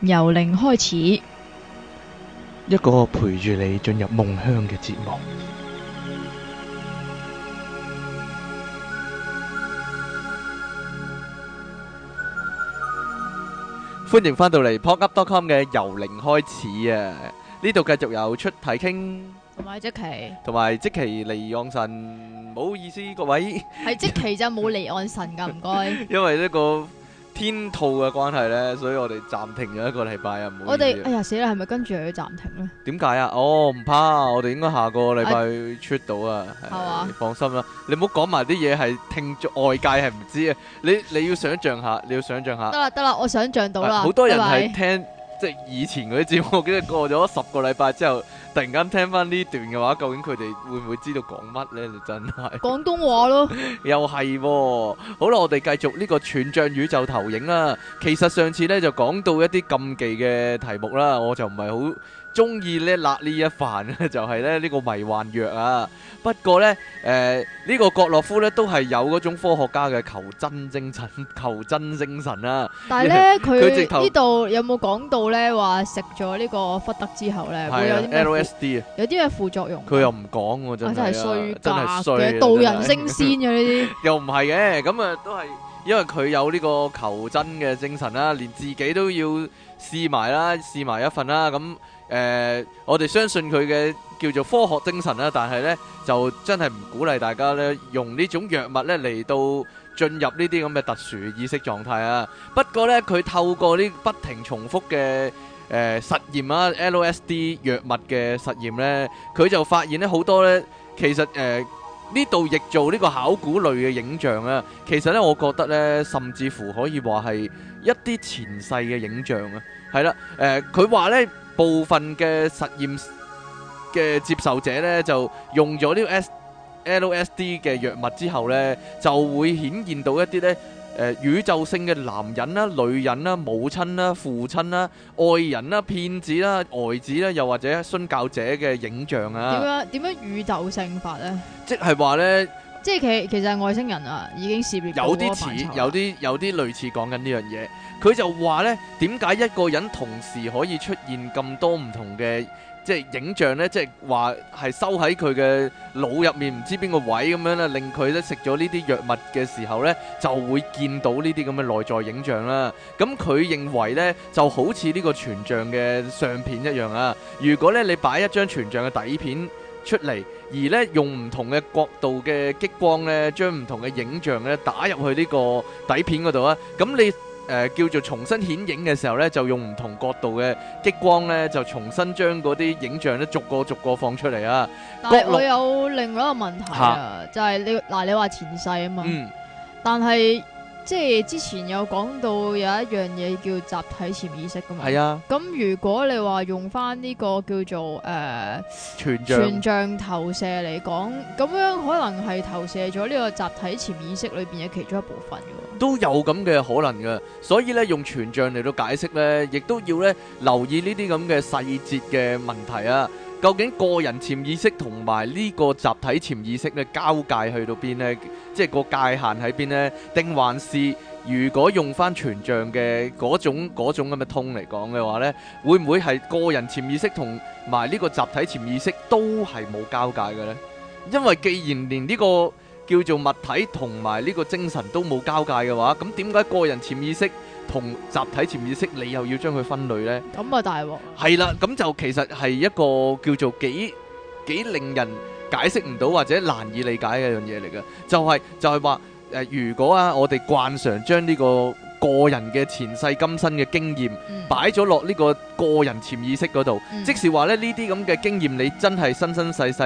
由零開始，一個陪住你進入夢鄉嘅節目。歡迎翻到嚟 PodUp.com 嘅由零開始啊！呢度繼續有出題傾，同埋即期，同埋即期離岸神，唔好意思各位，係即期就冇離岸神噶，唔該，因為呢個。天兔嘅關係呢，所以我哋暫停咗一個禮拜啊！我哋哎呀死啦，係咪跟住又要暫停咧？點解啊？哦唔怕，我哋應該下個禮拜出到啊！係、哎、你放心啦，的你唔好講埋啲嘢係聽外界係唔知啊！你你要想像下，你要想像下。得啦得啦，我想像到啦。好、哎、多人係聽拜拜即係以前嗰啲節目，我記得過咗十個禮拜之後。突然間聽翻呢段嘅話，究竟佢哋會唔會知道講乜呢？真係廣東話咯， 又係。好啦，我哋繼續呢個全像宇宙投影啦。其實上次呢就講到一啲禁忌嘅題目啦，我就唔係好中意咧，辣一，就是，呢一範嘅就係咧呢個迷幻藥啊！不過咧，誒、呃、呢、這個葛洛夫咧都係有嗰種科學家嘅求真精神，求真精神啦，啊。但係咧，佢呢度有冇講到咧話食咗呢個忽德之後咧、啊、會有啲 LSD 啊，SD 有啲咩副作用？佢又唔講真，真係衰假嘅，渡人升仙嘅呢啲，又唔係嘅。咁啊，都係因為佢有呢個求真嘅精神啦，啊， 連自己都要試埋啦，試埋一份啦，啊，咁，啊。嗯誒、呃，我哋相信佢嘅叫做科學精神啦，但係呢就真係唔鼓勵大家呢用呢種藥物呢嚟到進入呢啲咁嘅特殊意識狀態啊。不過呢，佢透過呢不停重複嘅誒、呃、實驗啊，LSD 藥物嘅實驗呢，佢就發現呢好多呢其實誒、呃呢度亦做呢個考古類嘅影像啊，其實咧，我覺得咧，甚至乎可以話係一啲前世嘅影像啊，係啦，誒，佢話咧，部分嘅實驗嘅接受者咧，就用咗呢個 LSD 嘅藥物之後咧，就會顯現到一啲咧。誒、呃，宇宙性嘅男人啦，啊，女人啦，啊，母親啦，啊，父親啦，啊，愛人啦，啊，騙子啦，啊，呆、呃、子啦，啊，又或者殉教者嘅影像啊？點樣？點樣宇宙性法呢？即係話呢，即係其其實外星人啊，已經識別有啲似，有啲有啲類似講緊呢樣嘢。佢就話呢，點解一個人同時可以出現咁多唔同嘅？即係影像咧，即係話係收喺佢嘅腦入面，唔知邊個位咁樣咧，令佢咧食咗呢啲藥物嘅時候咧，就會見到呢啲咁嘅內在影像啦。咁佢認為咧，就好似呢個全像嘅相片一樣啊。如果咧你擺一張全像嘅底片出嚟，而咧用唔同嘅角度嘅激光咧，將唔同嘅影像咧打入去呢個底片嗰度啊，咁你。誒、呃、叫做重新顯影嘅時候呢，就用唔同角度嘅激光呢，就重新將嗰啲影像呢逐個逐個放出嚟啊！但係我有另外一個問題啊，啊就係你嗱，你話前世啊嘛，嗯、但係。即係之前有講到有一樣嘢叫集體潛意識噶嘛，係啊，咁如果你話用翻呢個叫做誒，呃，全像全像投射嚟講，咁樣可能係投射咗呢個集體潛意識裏邊嘅其中一部分嘅喎，都有咁嘅可能嘅，所以咧用全像嚟到解釋咧，亦都要咧留意呢啲咁嘅細節嘅問題啊。究竟個人潛意識同埋呢個集體潛意識咧交界去到邊呢？即係個界限喺邊呢？定還是如果用翻全像嘅嗰種嗰種咁嘅通嚟講嘅話呢，會唔會係個人潛意識同埋呢個集體潛意識都係冇交界嘅呢？因為既然連呢個叫做物體同埋呢個精神都冇交界嘅話，咁點解個人潛意識同集體潛意識你又要將佢分類呢？咁啊大鑊！係啦，咁就其實係一個叫做幾幾令人解釋唔到或者難以理解嘅樣嘢嚟嘅，就係就係話誒，如果啊，我哋慣常將呢個個人嘅前世今生嘅經驗擺咗落呢個個人潛意識嗰度，嗯、即是話呢呢啲咁嘅經驗，你真係生生世世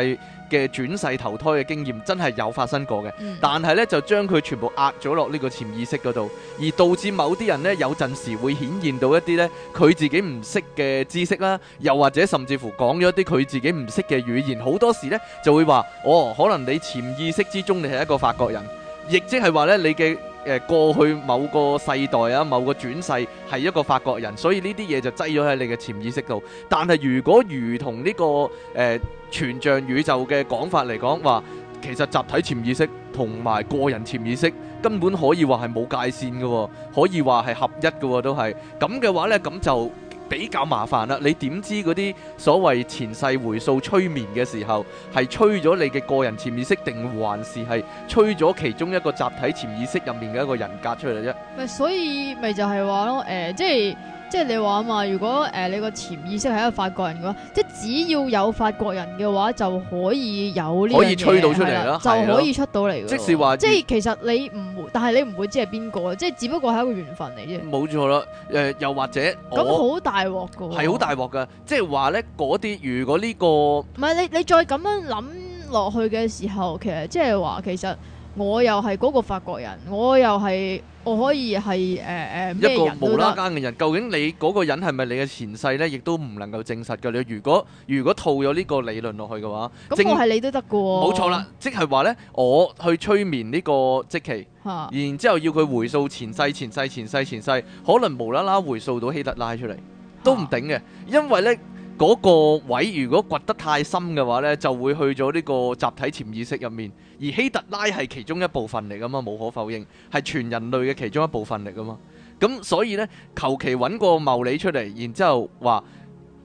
嘅轉世投胎嘅經驗，真係有發生過嘅。嗯、但係呢，就將佢全部壓咗落呢個潛意識嗰度，而導致某啲人呢，有陣時會顯現到一啲呢，佢自己唔識嘅知識啦，又或者甚至乎講咗一啲佢自己唔識嘅語言，好多時呢，就會話哦，可能你潛意識之中你係一個法國人，亦即係話呢，你嘅。誒過去某個世代啊，某個轉世係一個法國人，所以呢啲嘢就擠咗喺你嘅潛意識度。但係如果如同呢、呢個誒、呃、全像宇宙嘅講法嚟講話，其實集體潛意識同埋個人潛意識根本可以話係冇界線嘅，可以話係合一嘅，都係咁嘅話呢，咁就。比較麻煩啦，你點知嗰啲所謂前世回溯催眠嘅時候，係催咗你嘅個人潛意識，定還是係催咗其中一個集體潛意識入面嘅一個人格出嚟啫？咪所以咪就係話咯，誒，即係。即係你話啊嘛，如果誒、呃、你個潛意識係一個法國人嘅話，即係只要有法國人嘅話，就可以有呢可以吹到出嚟啦，了的就可以出到嚟。即係話，即係其實你唔會，但係你唔會知係邊個，即係只不過係一個緣分嚟啫。冇錯啦，誒、呃、又或者咁好大鑊噶，係好大鑊噶，即係話咧嗰啲，如果呢、這個，唔係，你你再咁樣諗落去嘅時候，其實即係話其實。我又係嗰個法國人，我又係我可以係誒誒咩人都得。一個無啦啦嘅人，究竟你嗰個人係咪你嘅前世呢？亦都唔能夠證實嘅。你如果如果套咗呢個理論落去嘅話，咁、嗯、正我係你都得嘅，哦。冇錯啦，即係話呢，我去催眠呢個即期，啊、然之後要佢回溯前世，前世，前世，前世，可能無啦啦回溯到希特拉出嚟，都唔頂嘅，啊、因為呢。嗰個位如果掘得太深嘅話呢，就會去咗呢個集體潛意識入面。而希特拉係其中一部分嚟㗎嘛，無可否認係全人類嘅其中一部分嚟㗎嘛。咁所以呢，求其揾個謀理出嚟，然之後話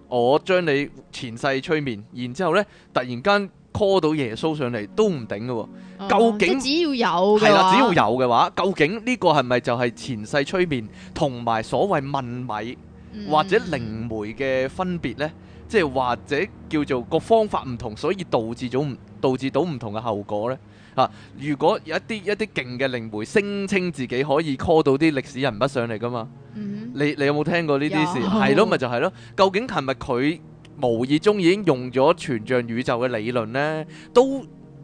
我將你前世催眠，然之後呢，突然間 call 到耶穌上嚟都唔頂㗎喎。究竟、嗯、只要有係啦，只要有嘅話，究竟呢個係咪就係前世催眠同埋所謂問米或者靈媒嘅分別呢？即係或者叫做個方法唔同，所以導致咗導致到唔同嘅後果呢嚇、啊。如果有一啲一啲勁嘅靈媒聲稱自己可以 call 到啲歷史人物上嚟噶嘛，mm hmm. 你你有冇聽過呢啲事？係咯 No.，咪就係、是、咯。究竟琴日佢無意中已經用咗全像宇宙嘅理論呢？都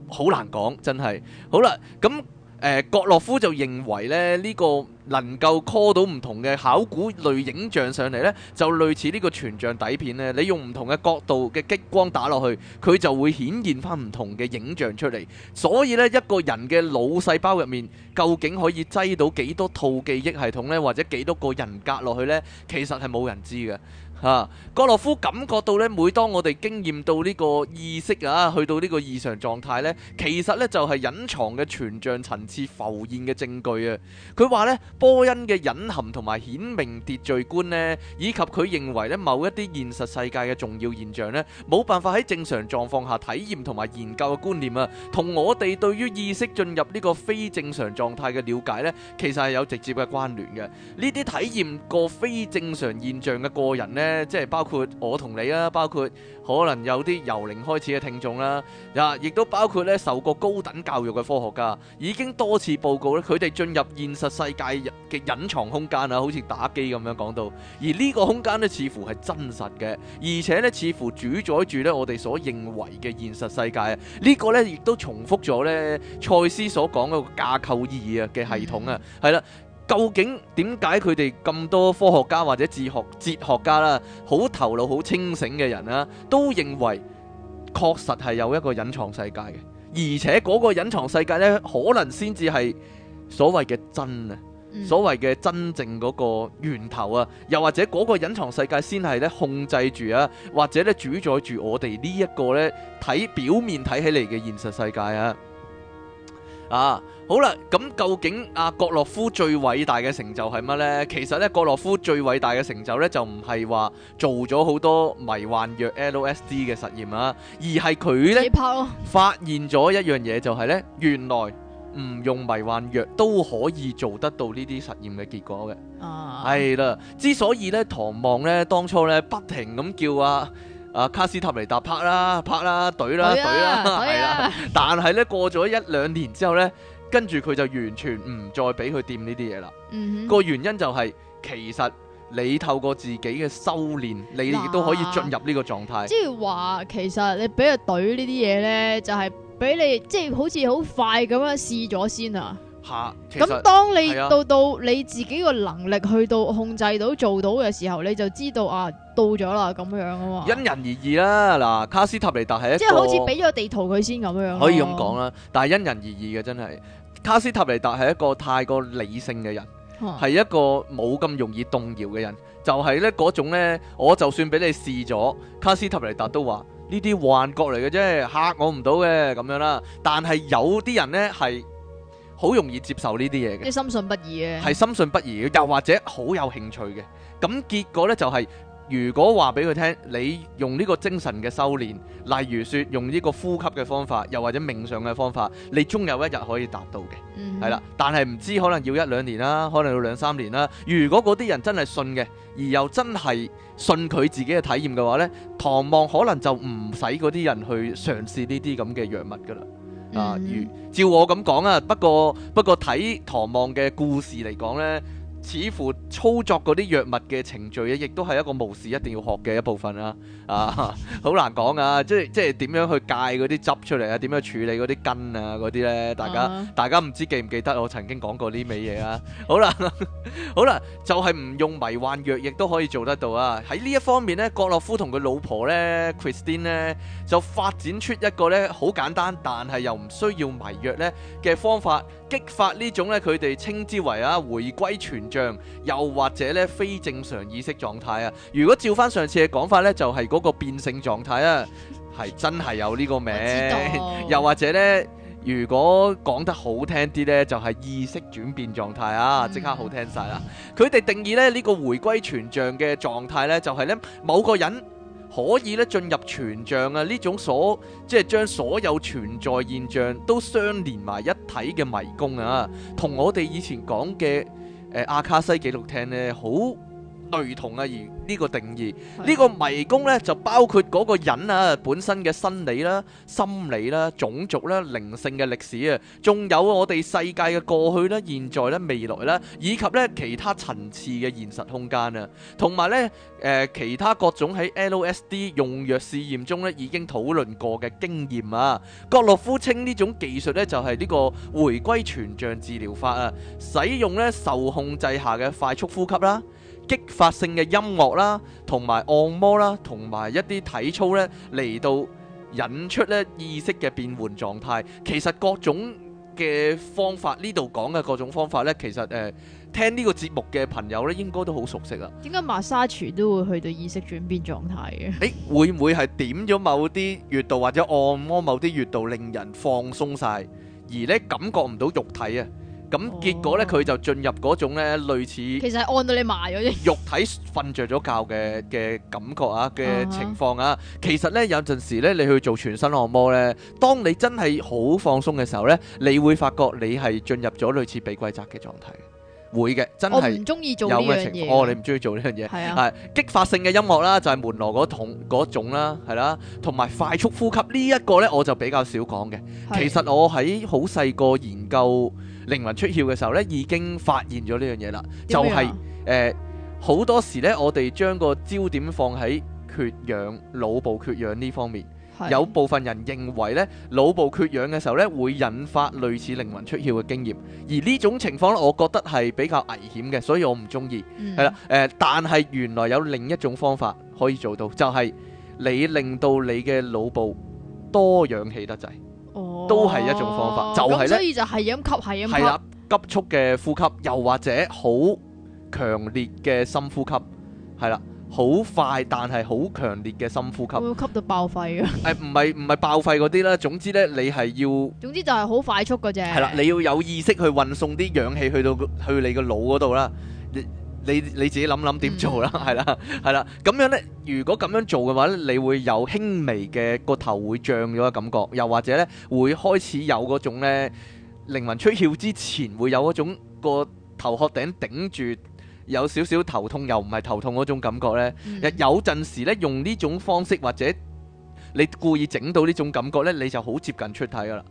好難講，真係好啦咁。誒，呃、葛洛夫就認為咧，呢、這個能夠 call 到唔同嘅考古類影像上嚟呢就類似呢個全像底片咧。你用唔同嘅角度嘅激光打落去，佢就會顯現翻唔同嘅影像出嚟。所以呢，一個人嘅腦細胞入面，究竟可以擠到幾多套記憶系統呢？或者幾多個人格落去呢？其實係冇人知嘅。啊，格洛夫感覺到咧，每當我哋經驗到呢個意識啊，去到呢個異常狀態咧，其實咧就係隱藏嘅全像層次浮現嘅證據啊。佢話咧，波恩嘅隱含同埋顯明秩序觀咧，以及佢認為咧某一啲現實世界嘅重要現象咧，冇辦法喺正常狀況下體驗同埋研究嘅觀念啊，同我哋對於意識進入呢個非正常狀態嘅了解咧，其實係有直接嘅關聯嘅。呢啲體驗過非正常現象嘅個人咧。即係包括我同你啦，包括可能有啲由零開始嘅聽眾啦，啊，亦都包括咧受過高等教育嘅科學家，已經多次報告咧，佢哋進入現實世界嘅隱藏空間啊，好似打機咁樣講到，而呢個空間咧似乎係真實嘅，而且咧似乎主宰住咧我哋所認為嘅現實世界啊，呢、這個咧亦都重複咗咧，賽斯所講嗰個架構二啊嘅系統啊，係啦、嗯。究竟點解佢哋咁多科學家或者哲學哲學家啦，好頭腦好清醒嘅人啦、啊，都認為確實係有一個隱藏世界嘅，而且嗰個隱藏世界呢，可能先至係所謂嘅真啊，所謂嘅真正嗰個源頭啊，又或者嗰個隱藏世界先係咧控制住啊，或者咧主宰住我哋呢一個呢，睇表面睇起嚟嘅現實世界啊。啊，好啦，咁究竟啊、阿格洛夫最偉大嘅成就係乜呢？其實咧，格洛夫最偉大嘅成就咧就唔係話做咗好多迷幻藥 LSD 嘅實驗啊，而係佢咧發現咗一樣嘢，就係咧原來唔用迷幻藥都可以做得到呢啲實驗嘅結果嘅。哦、啊，係啦，之所以咧唐望咧當初咧不停咁叫啊。啊，卡斯塔尼達拍啦，拍啦，懟啦，懟啦，係啦。但係咧 過咗一兩年之後咧，跟住佢就完全唔再俾佢掂呢啲嘢啦。個、嗯、哼原因就係、是，其實你透過自己嘅修煉，你亦都可以進入呢個狀態、啊。即係話，其實你俾佢懟呢啲嘢咧，就係、是、俾你即係、就是、好似好快咁樣試咗先啊。吓，咁、啊、當你到到你自己個能力去到控制到做到嘅時候，你就知道啊，到咗啦咁樣啊嘛。因人而異啦，嗱，卡斯塔尼達係一，即係好似俾咗個地圖佢先咁樣。可以咁講啦，但係因人而異嘅真係。卡斯塔尼達係一個太過理性嘅人，係、啊、一個冇咁容易動搖嘅人，就係咧嗰種咧，我就算俾你試咗，卡斯塔尼達都話呢啲幻覺嚟嘅啫，嚇我唔到嘅咁樣啦。但係有啲人咧係。好容易接受呢啲嘢嘅，你深信不疑啊，係深信不疑又或者好有興趣嘅。咁結果呢，就係、是、如果話俾佢聽，你用呢個精神嘅修煉，例如說用呢個呼吸嘅方法，又或者冥想嘅方法，你終有一日可以達到嘅，係啦、嗯哼。但係唔知可能要一兩年啦，可能要兩三年啦。如果嗰啲人真係信嘅，而又真係信佢自己嘅體驗嘅話呢，唐望可能就唔使嗰啲人去嘗試呢啲咁嘅藥物㗎啦。嗯、啊，如照我咁講啊，不過不過睇唐望嘅故事嚟講咧。似乎操作嗰啲藥物嘅程序啊，亦都係一個無事一定要學嘅一部分啦。 啊，好難講啊，即係即係點樣去戒嗰啲汁出嚟啊，點樣處理嗰啲根啊嗰啲咧？大家 大家唔知記唔記得我曾經講過呢味嘢啊？好啦 好啦，就係、是、唔用迷幻藥亦都可以做得到啊！喺呢一方面咧，格洛夫同佢老婆咧 Christine 咧就發展出一個咧好簡單，但係又唔需要迷藥咧嘅方法。激發呢種咧，佢哋稱之為啊回歸全像，又或者咧非正常意識狀態啊。如果照翻上次嘅講法咧，就係嗰個變性狀態啊，係 真係有呢個名。又或者咧，如果講得好聽啲咧，就係意識轉變狀態啊，即刻、嗯、好聽晒啦。佢哋 定義咧呢個回歸全像嘅狀態咧，就係咧某個人，可以咧進入全像啊！呢種所即係將所有存在現象都相連埋一體嘅迷宮啊，同我哋以前講嘅誒阿卡西記錄聽呢好。類同啊，而、這、呢個定義呢 個迷宮呢，就包括嗰個人啊本身嘅生理啦、啊、心理啦、啊、種族啦、啊、靈性嘅歷史啊，仲有我哋世界嘅過去啦、啊、現在啦、啊、未來啦、啊，以及呢其他層次嘅現實空間啊，同埋呢，誒、呃、其他各種喺 LSD 用藥試驗中呢已經討論過嘅經驗啊。葛洛夫稱呢種技術呢，就係、是、呢個回歸全像治療法啊，使用呢受控制下嘅快速呼吸啦。激發性嘅音樂啦，同埋按摩啦，同埋一啲體操呢，嚟到引出呢意識嘅變換狀態。其實各種嘅方法呢度講嘅各種方法呢，其實誒，聽呢個節目嘅朋友呢，應該都好熟悉啊。點解 massage 都會去到意識轉變狀態嘅？誒，會唔會係點咗某啲穴道或者按摩某啲穴道，令人放鬆晒，而呢感覺唔到肉體啊？咁結果咧，佢就進入嗰種咧類似其實按到你埋咗啲肉體瞓著咗覺嘅嘅感覺啊嘅情況啊。其實咧有陣時咧，你去做全身按摩咧，當你真係好放鬆嘅時候咧，你會發覺你係進入咗類似被鬼責嘅狀態。會嘅，真係有嘅情況。哦，你唔中意做呢樣嘢，係啊，激發性嘅音樂啦，就係門羅嗰桶嗰種啦，係啦，同埋快速呼吸呢一個咧，我就比較少講嘅。其實我喺好細個研究。靈魂出竅嘅時候呢，已經發現咗呢樣嘢啦，就係誒好多時呢，我哋將個焦點放喺缺氧，腦部缺氧呢方面。的有部分人認為呢，腦部缺氧嘅時候呢，會引發類似靈魂出竅嘅經驗。而呢種情況呢，我覺得係比較危險嘅，所以我唔中意。係啦、嗯，誒、呃，但係原來有另一種方法可以做到，就係、是、你令到你嘅腦部多氧氣得滯。都係一種方法，哦、就係咧，所以就係咁吸，係咁吸。係啦，急速嘅呼吸，又或者好強烈嘅深呼吸，係啦，好快但係好強烈嘅深呼吸，會，會吸到爆肺啊！誒、哎，唔係唔係爆肺嗰啲啦，總之咧，你係要總之就係好快速㗎啫。係啦，你要有意識去運送啲氧氣去到去你個腦嗰度啦。你你你自己諗諗點做啦、嗯，係啦， 係啦，咁樣呢，如果咁樣做嘅話呢，你會有輕微嘅個頭會脹咗嘅感覺，又或者呢，會開始有嗰種呢，靈魂出竅之前會有嗰種個頭殼頂頂住有少少頭痛又唔係頭痛嗰種感覺呢、嗯、有，有陣時呢，用呢種方式或者你故意整到呢種感覺呢，你就好接近出體㗎喇。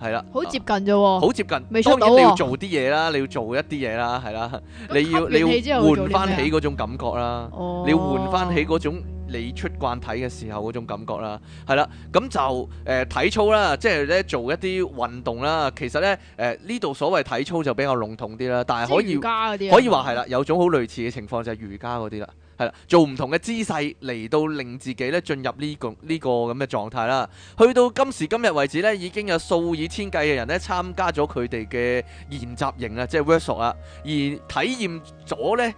係啦，好接近啫喎，好、啊、接近。出當然你要做啲嘢啦， 你要做一啲嘢啦，係啦。你要你要換翻起嗰種感覺啦，哦、你要換翻起嗰種你出慣睇嘅時候嗰種感覺啦，係啦。咁就誒、呃、體操啦，即係咧做一啲運動啦。其實咧誒呢度、呃、所謂體操就比較籠統啲啦，但係可以瑜伽嗰啲？可以話係啦，有種好類似嘅情況就係、是、瑜伽嗰啲啦。係啦，做唔同嘅姿勢嚟到令自己咧進入呢、呢個呢、呢個咁嘅狀態啦。去到今時今日為止咧，已經有數以千計嘅人咧參加咗佢哋嘅研習營，啊，即係 workshop 啊，而體驗咗咧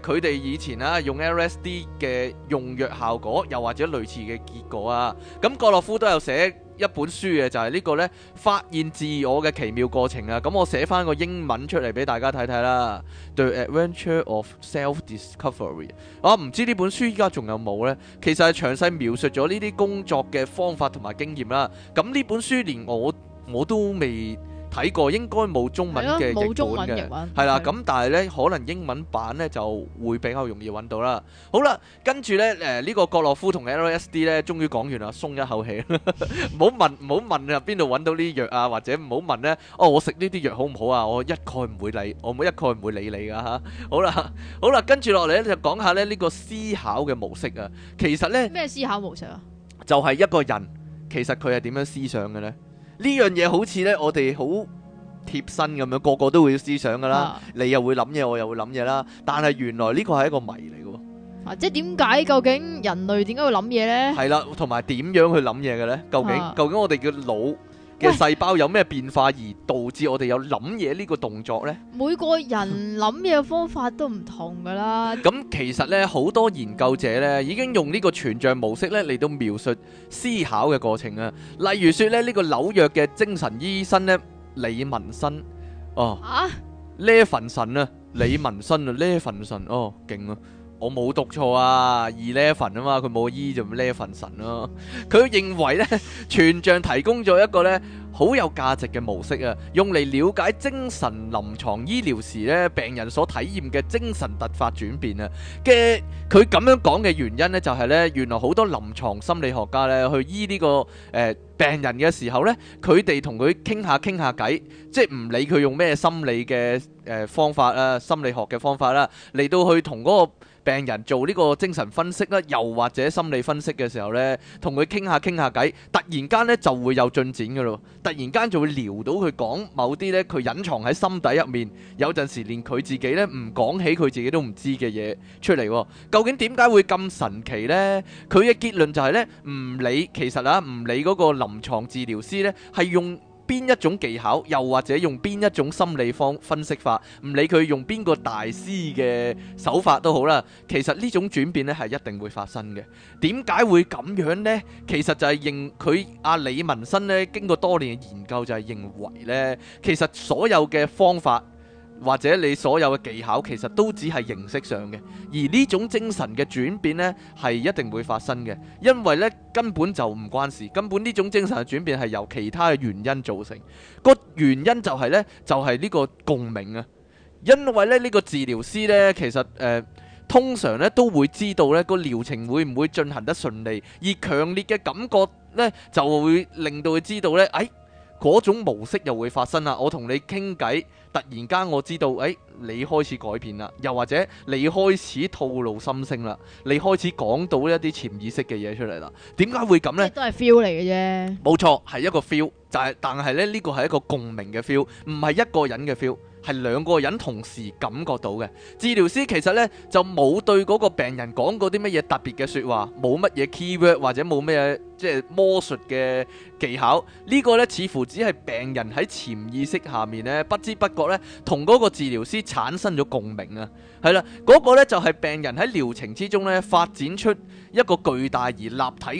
誒佢哋以前啊用 LSD 嘅用藥效果，又或者類似嘅結果啊。咁格洛夫都有寫。一本書嘅就係呢個咧發現自我嘅奇妙過程啊！咁我寫翻個英文出嚟俾大家睇睇啦，《The Adventure of Self-Discovery》啊，我唔知呢本書依家仲有冇呢？其實係詳細描述咗呢啲工作嘅方法同埋經驗啦。咁呢本書連我我都未睇過應該冇中文嘅，冇、啊、中文嘅，係啦的。咁的但係咧，可能英文版咧就會比較容易揾到啦。好啦，跟住咧，誒、呃、呢、這個格洛夫同 LSD 咧，終於講完啦，鬆一口氣。唔 好問，唔好 問入邊度揾到呢啲藥啊，或者唔好問咧。哦，我食呢啲藥好唔好啊？我一概唔會理，我冇一概唔會理你噶嚇、啊。好啦，好啦，跟住落嚟咧就講下咧呢個思考嘅模式啊。其實咧，咩思考模式啊？就係一個人，其實佢係點樣思想嘅咧？呢樣嘢好似咧，我哋好貼身咁樣，個個都會思想噶啦。啊、你又會諗嘢，我又會諗嘢啦。但係原來呢個係一個謎嚟嘅喎。啊，即係點解？究竟人類點解會諗嘢咧？係啦，同埋點樣去諗嘢嘅咧？究竟、啊、究竟我哋叫腦？嘅細胞有咩變化而導致我哋有諗嘢呢個動作呢？每個人諗嘢方法都唔同噶啦。咁其實呢，好多研究者呢已經用呢個全像模式呢嚟到描述思考嘅過程啊。例如說咧，呢、這個紐約嘅精神醫生呢，李文新哦，呢份神啊，inson, 李文新、 哦、啊，呢份神哦，勁啊！我冇讀錯啊，二呢一份啊嘛，佢冇醫就咩一份神咯。佢 認為呢，全像提供咗一個呢好有價值嘅模式啊，用嚟了解精神臨床醫療時呢病人所體驗嘅精神突發轉變啊嘅。佢咁樣講嘅原因呢，就係、是、呢原來好多臨床心理學家呢去醫呢、這個誒、呃、病人嘅時候呢，佢哋同佢傾下傾下偈，即係唔理佢用咩心理嘅誒、呃、方法啦，心理學嘅方法啦，嚟到去同嗰個。病人做呢個精神分析啦，又或者心理分析嘅時候呢，同佢傾下傾下偈，突然間呢就會有進展㗎咯，突然間就會撩到佢講某啲呢，佢隱藏喺心底入面，有陣時連佢自己呢唔講起佢自己都唔知嘅嘢出嚟，究竟點解會咁神奇呢？佢嘅結論就係呢：唔理，其實啊唔理嗰個臨牀治療師呢係用。邊一種技巧，又或者用邊一種心理方分析法，唔理佢用邊個大師嘅手法都好啦。其實呢種轉變咧係一定會發生嘅。點解會咁樣呢？其實就係認佢阿李文新咧，經過多年嘅研究就係認為咧，其實所有嘅方法，或者你所有嘅技巧，其實都只係形式上嘅，而呢種精神嘅轉變呢係一定會發生嘅，因為呢根本就唔關事，根本呢種精神嘅轉變係由其他嘅原因造成，個原因就係呢，就係、是、呢個共鳴啊，因為呢，呢、這個治療師呢其實誒、呃、通常呢都會知道呢個療程會唔會進行得順利，而強烈嘅感覺呢就會令到佢知道呢。哎。嗰種模式又會發生啦！我同你傾偈，突然間我知道，誒、哎、你開始改變啦，又或者你開始透露心聲啦，你開始講到一啲潛意識嘅嘢出嚟啦。點解會咁呢？都係 feel 嚟嘅啫。冇錯，係一個 feel，就係但係咧，呢、這個係一個共鳴嘅 feel，唔係一個人嘅 feel，係兩個人同時感覺到嘅。治療師其實呢，就冇對嗰個病人講過啲乜嘢特別嘅説話，冇乜嘢 keyword 或者冇咩。即係魔術嘅技巧，這個、呢個咧似乎只係病人喺潛意識下面咧，不知不覺咧，同嗰個治療師產生咗共鳴啊！係啦，那個個咧就係、是、病人喺療程之中咧發展出一個巨大而立體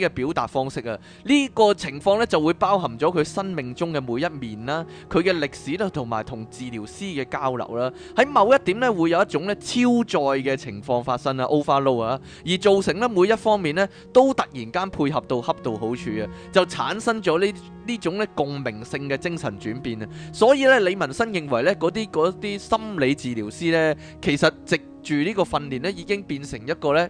嘅表達方式啊！呢、這個情況咧就會包含咗佢生命中嘅每一面啦、啊，佢嘅歷史啦、啊，同埋同治療師嘅交流啦、啊，喺某一點咧會有一種咧超載嘅情況發生啊，overload 啊，而造成咧每一方面咧都突然間配合到恰。做好處啊，就產生咗呢呢種咧共鳴性嘅精神轉變啊，所以咧李文新認為咧嗰啲嗰啲心理治療師咧，其實藉住呢個訓練咧，已經變成一個咧。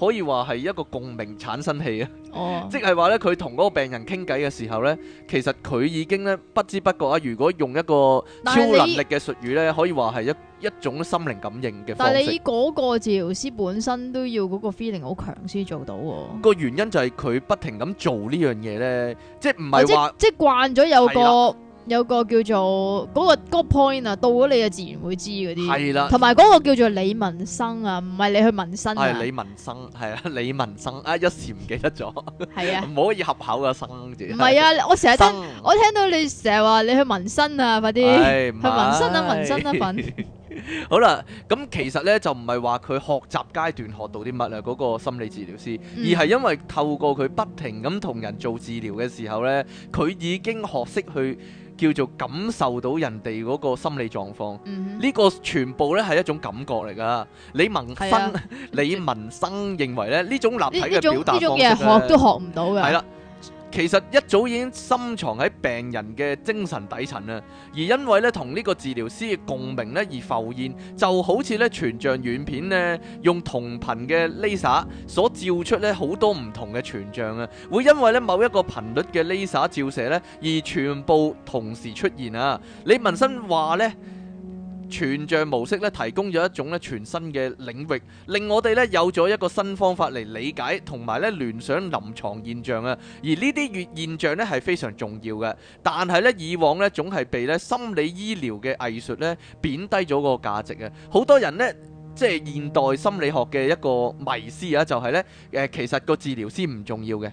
可以話係一個共鳴產生器啊！哦，即係話咧，佢同嗰個病人傾偈嘅時候咧，其實佢已經咧不知不覺啊！如果用一個超能力嘅術語咧，可以話係一一種心靈感應嘅。但係你嗰個治療師本身都要嗰個 feeling 好強先做到喎。個原因就係佢不停咁做呢樣嘢咧，即係唔係話即係慣咗有個。有個叫做嗰個嗰個 point 啊，到咗你就自然會知嗰啲。係啦的，同埋嗰個叫做李文生啊，唔係你去紋身啊。係、哎、李文生，係啊，李文生啊，一時唔記得咗。係啊的，唔 可以合口啊。生字。唔係啊，我成日聽生我聽到你成日話你去紋身啊，快啲、哎、去紋身啊，紋身啊，粉。 好啦，咁其實咧就唔係話佢學習階段學到啲乜啊，嗰、那個心理治療師，嗯、而係因為透過佢不停咁同人做治療嘅時候咧，佢已經學識去。叫做感受到人哋嗰個心理狀況，嗯哼，呢個全部咧係一種感覺嚟噶。李文生，啊、 李文生認為咧呢種立體嘅表達呢種嘢學都學唔到嘅。係啦、啊。其實一早已經深藏喺病人嘅精神底層啊，而因為咧同呢個治療師嘅共鳴咧而浮現，就好似咧全像軟片咧用同頻嘅 Laser 所照出咧好多唔同嘅全像啊，會因為咧某一個頻率嘅 Laser 照射咧而全部同時出現啊。李文新話咧。全像模式咧，提供咗一種咧全新嘅領域，令我哋咧有咗一個新方法嚟理解同埋咧聯想臨床現象啊！而呢啲現象咧係非常重要嘅，但係咧以往咧總係被咧心理醫療嘅藝術咧貶低咗個價值啊！好多人咧即係現代心理學嘅一個迷思啊，就係咧誒，其實個治療師唔重要嘅。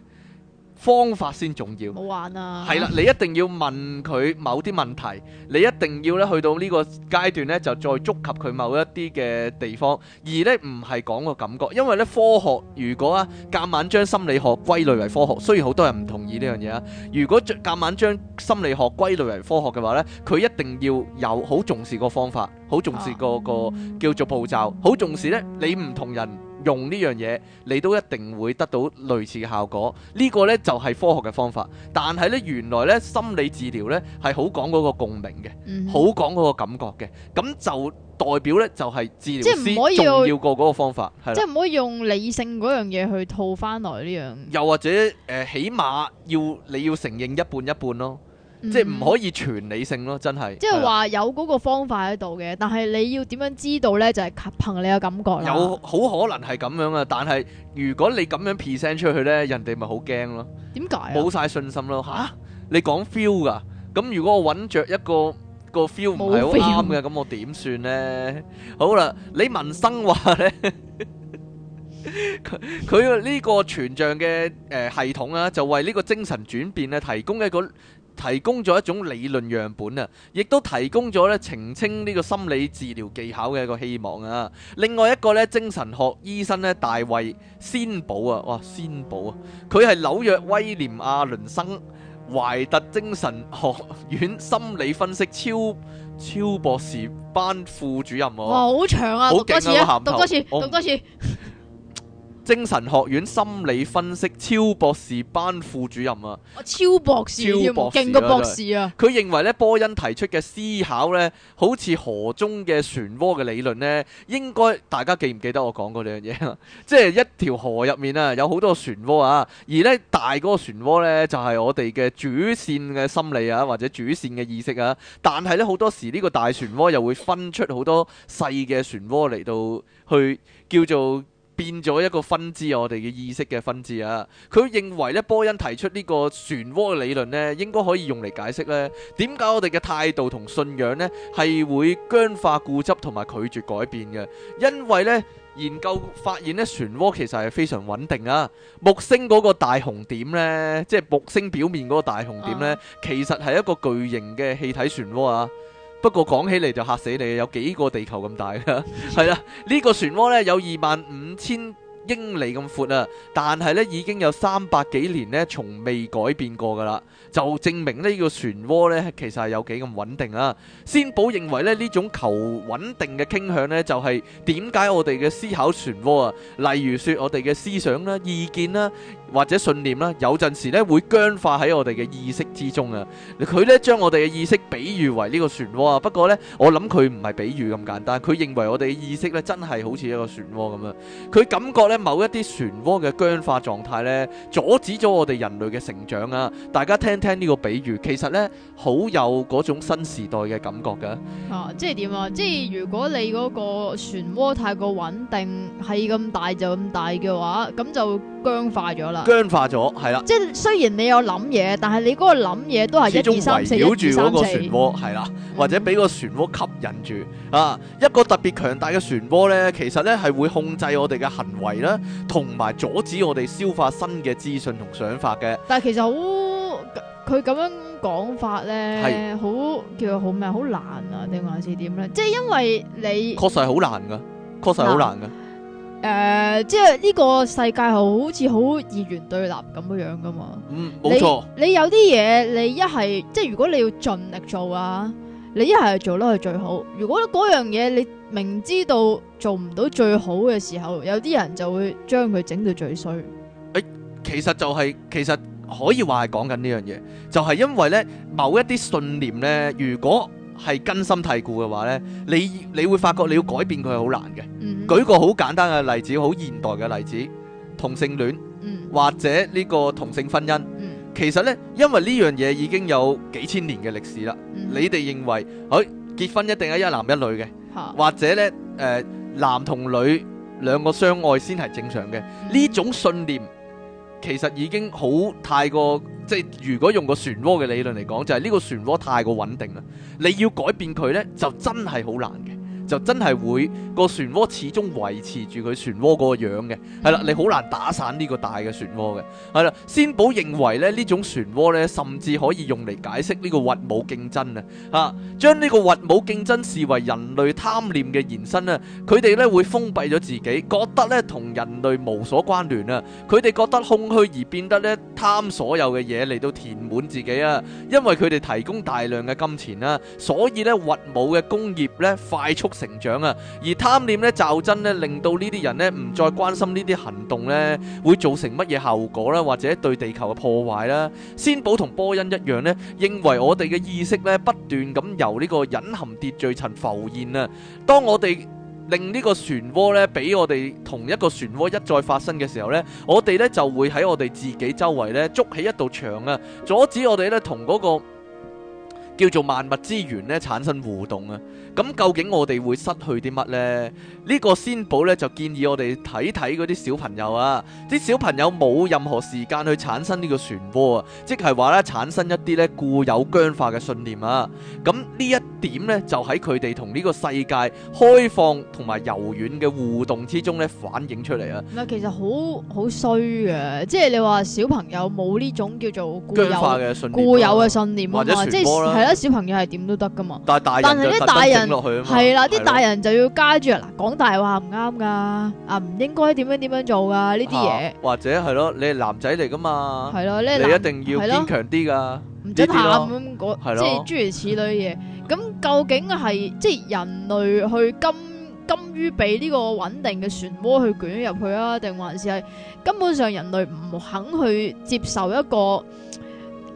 方法先重要，好玩啊！係啦，你一定要問佢某啲問題，你一定要咧去到呢個階段咧，就再觸及佢某一啲嘅地方，而咧唔係講個感覺。因為咧科學，如果啊，夾硬將心理學歸類為科學，雖然好多人唔同意呢樣嘢啊，如果夾硬將心理學歸類為科學嘅話咧，佢一定要有好重視個方法，好重視個個叫做步驟，好重視咧你唔同人。用呢樣嘢，你都一定會得到類似嘅效果。呢、呢個呢，就係、是、科學嘅方法，但係呢，原來呢，心理治療呢，係好講嗰個共鳴嘅，好、嗯、哼講嗰個感覺嘅。咁就代表呢，就係、是、治療師即重要過嗰個方法。即係唔可以用理性嗰樣嘢去套翻來呢樣。又或者、呃、起碼要你要承認一半一半咯。即係唔可以全理性咯，真係。即係話有嗰個方法喺度嘅，但係你要點樣知道呢？就係、是、憑你嘅感覺，有好可能係咁樣啊，但係如果你咁樣 present 出去呢，人哋咪好驚咯。點解？冇晒信心咯。吓蛤，你講 feel 噶、啊？咁如果我揾着一個一個 feel 唔係好啱嘅，咁 fe 我點算呢？好啦，李文生話呢，佢佢呢個全像嘅誒系統啊，就為呢個精神轉變咧提供一、那個。提供咗一種理論樣本啊，亦都提供咗咧澄清呢個心理治療技巧嘅一個希望啊。另外一個咧，精神學醫生咧，大衛先寶啊，哇，先寶啊，佢係紐約威廉阿倫生懷特精神學院心理分析超超博士班副主任。好長啊，好、啊、多次、啊，讀多次，讀多次。我 精神學院心理分析超博士班副主任啊！超博士，超勁個博士啊！佢對認為咧，波恩提出嘅思考咧，好似河中嘅漩渦嘅理論咧，應該大家記唔記得我講過呢樣嘢？即係一條河入面啊，有好多個漩渦啊，而呢大嗰個漩渦咧，就係、是、我哋嘅主線嘅心理啊，或者主線嘅意識啊，但係咧，好多時呢個大漩渦又會分出好多細嘅漩渦嚟到去叫做。變咗一個分支，我哋嘅意識嘅分支啊！佢認為咧，波恩提出呢個漩渦理論咧，應該可以用嚟解釋咧，點解我哋嘅態度同信仰咧係會僵化固執同埋拒絕改變嘅。因為咧研究發現咧，漩渦其實係非常穩定啊！木星嗰個大紅點咧，即係木星表面嗰個大紅點咧，嗯、其實係一個巨型嘅氣體漩渦啊！不過講起嚟就嚇死你，有幾個地球咁大㗎？係 啦，這個、呢個漩渦呢有二萬五千英里咁闊啊，但係呢已經有三百幾年呢從未改變過㗎啦。就證明個呢個漩渦咧其實係有幾咁穩定啊！先保認為咧呢種求穩定嘅傾向咧，就係點解我哋嘅思考漩渦啊？例如說我哋嘅思想啦、意見啦、啊、或者信念啦、啊，有陣時咧會僵化喺我哋嘅意識之中啊！佢咧將我哋嘅意識比喻為呢個漩渦啊，不過咧我諗佢唔係比喻咁簡單，佢認為我哋嘅意識咧真係好似一個漩渦咁樣，佢感覺咧某一啲漩渦嘅僵化狀態咧，阻止咗我哋人類嘅成長啊！大家聽。聽呢個比喻，其實呢，好有嗰種新時代嘅感覺嘅。啊，即係點啊？即係如果你嗰個漩渦太過穩定，係咁大就咁大嘅話，咁就僵化咗啦。僵化咗，係啦。即係雖然你有諗嘢，但係你嗰個諗嘢都係一種圍繞住嗰個漩渦，係啦、嗯，或者俾個漩渦吸引住。啊，一個特別強大嘅漩渦呢，其實呢係會控制我哋嘅行為啦，同埋阻止我哋消化新嘅資訊同想法嘅。但係其實好。佢咁樣講法咧，係是好叫佢好咩？好難啊，定還是點咧？即係因為你確實係好難噶，確實係好難噶。誒、呃，即係呢個世界好似好二元對立咁樣樣噶嘛？嗯，冇錯。你有啲嘢，你一係即係如果你要盡力做啊，你一係做得係最好。如果嗰樣嘢你明知道做唔到最好嘅時候，有啲人就會將佢整到最衰。誒、欸，其實就係、是、其實。可以話係講緊呢樣嘢，就係因為呢某一啲信念呢，如果係根深蒂固嘅話呢，你你會發覺你要改變佢係好難嘅。舉個好簡單嘅例子，好現代嘅例子，同性戀或者呢個同性婚姻，其實呢因為呢樣嘢已經有幾千年嘅歷史啦。你哋認為，誒結婚一定係一男一女嘅，或者呢誒男同女兩個相愛先係正常嘅呢種信念。其實已經好太過，即係如果用個漩渦嘅理論嚟講，就係、是、呢個漩渦太過穩定啦。你要改變佢咧，就真係好難嘅。就真係會個漩渦始終維持住佢漩渦個樣嘅，係啦，你好難打散呢個大嘅漩渦嘅，係啦。先保認為咧呢種漩渦咧，甚至可以用嚟解釋呢個核武競爭啊！吓，將呢個核武競爭視為人類貪念嘅延伸啊！佢哋咧會封閉咗自己，覺得咧同人類無所關聯啊！佢哋覺得空虛而變得咧貪所有嘅嘢嚟到填滿自己啊！因為佢哋提供大量嘅金錢啊，所以咧核武嘅工業咧快速。成長啊，而貪念咧，就真咧，令到呢啲人咧唔再關心呢啲行動咧會造成乜嘢後果啦，或者對地球嘅破壞啦。先寶同波恩一樣呢，認為我哋嘅意識咧不斷咁由呢個隱含秩序層浮現啊。當我哋令呢個漩渦咧俾我哋同一個漩渦一再發生嘅時候咧，我哋咧就會喺我哋自己周圍咧築起一道牆啊，阻止我哋咧同嗰個叫做萬物之源咧產生互動啊。咁究竟我哋會失去啲乜咧？呢、這個先保咧，就建議我哋睇睇嗰啲小朋友啊，啲小朋友冇任何時間去產生呢個漩渦啊，即係話咧產生一啲咧固有僵化嘅信念啊。咁、嗯、呢、嗯、一點咧，就喺佢哋同呢個世界開放同埋柔軟嘅互動之中咧反映出嚟啊。唔係，其實好好衰嘅，即係你話小朋友冇呢種叫做固有嘅信念，啊，固有嘅信念，啊啊、即係係啦，小朋友係點都得噶嘛。但係大但係。啲大人。落去啊嘛，係啦，啲大人就要教住人啦，講大話唔啱噶，啊唔應該點樣點樣做噶呢啲嘢，或者係咯，你係男仔嚟噶嘛，係咯，你一定要堅強啲噶，唔准喊咁，我即係諸如此類嘅嘢。咁究竟係即係人類去甘甘於俾呢個穩定嘅漩渦去捲入去啊，定還是係根本上人類唔肯去接受一個？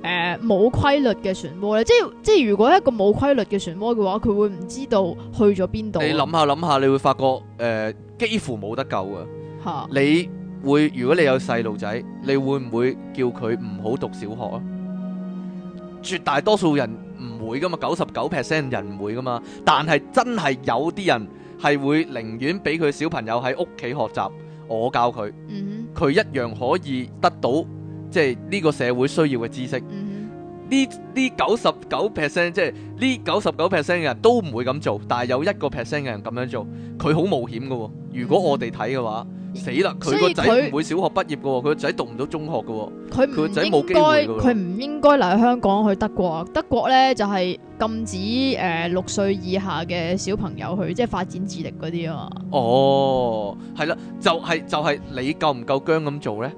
誒，冇規、呃、律嘅漩渦咧，即係即係如果一個冇規律嘅漩渦嘅話，佢會唔知道去咗邊度？你諗下諗下，你會發覺誒、呃，幾乎冇得救噶。吓哈，你會如果你有細路仔，你會唔會叫佢唔好讀小學啊？嗯、絕大多數人唔會噶嘛，九十九 percent 人唔會噶嘛。但係真係有啲人係會寧願俾佢小朋友喺屋企學習，我教佢，佢、嗯、哼一樣可以得到。即係呢個社會需要嘅知識，呢呢九十九 percent，即係呢九十九 percent 嘅人都唔會咁做，但係有一個 percent 嘅人咁樣做，佢好冒險㗎喎。如果我哋睇嘅話，死啦！佢個仔唔會小學畢業㗎喎，佢個仔讀唔到中學㗎喎，佢個仔冇機會。佢唔應該嚟香港去德國，德國咧就係禁止誒，六歲以下嘅小朋友去即係發展智力嗰啲啊。哦，係啦，就係就係你夠唔夠姜咁做咧？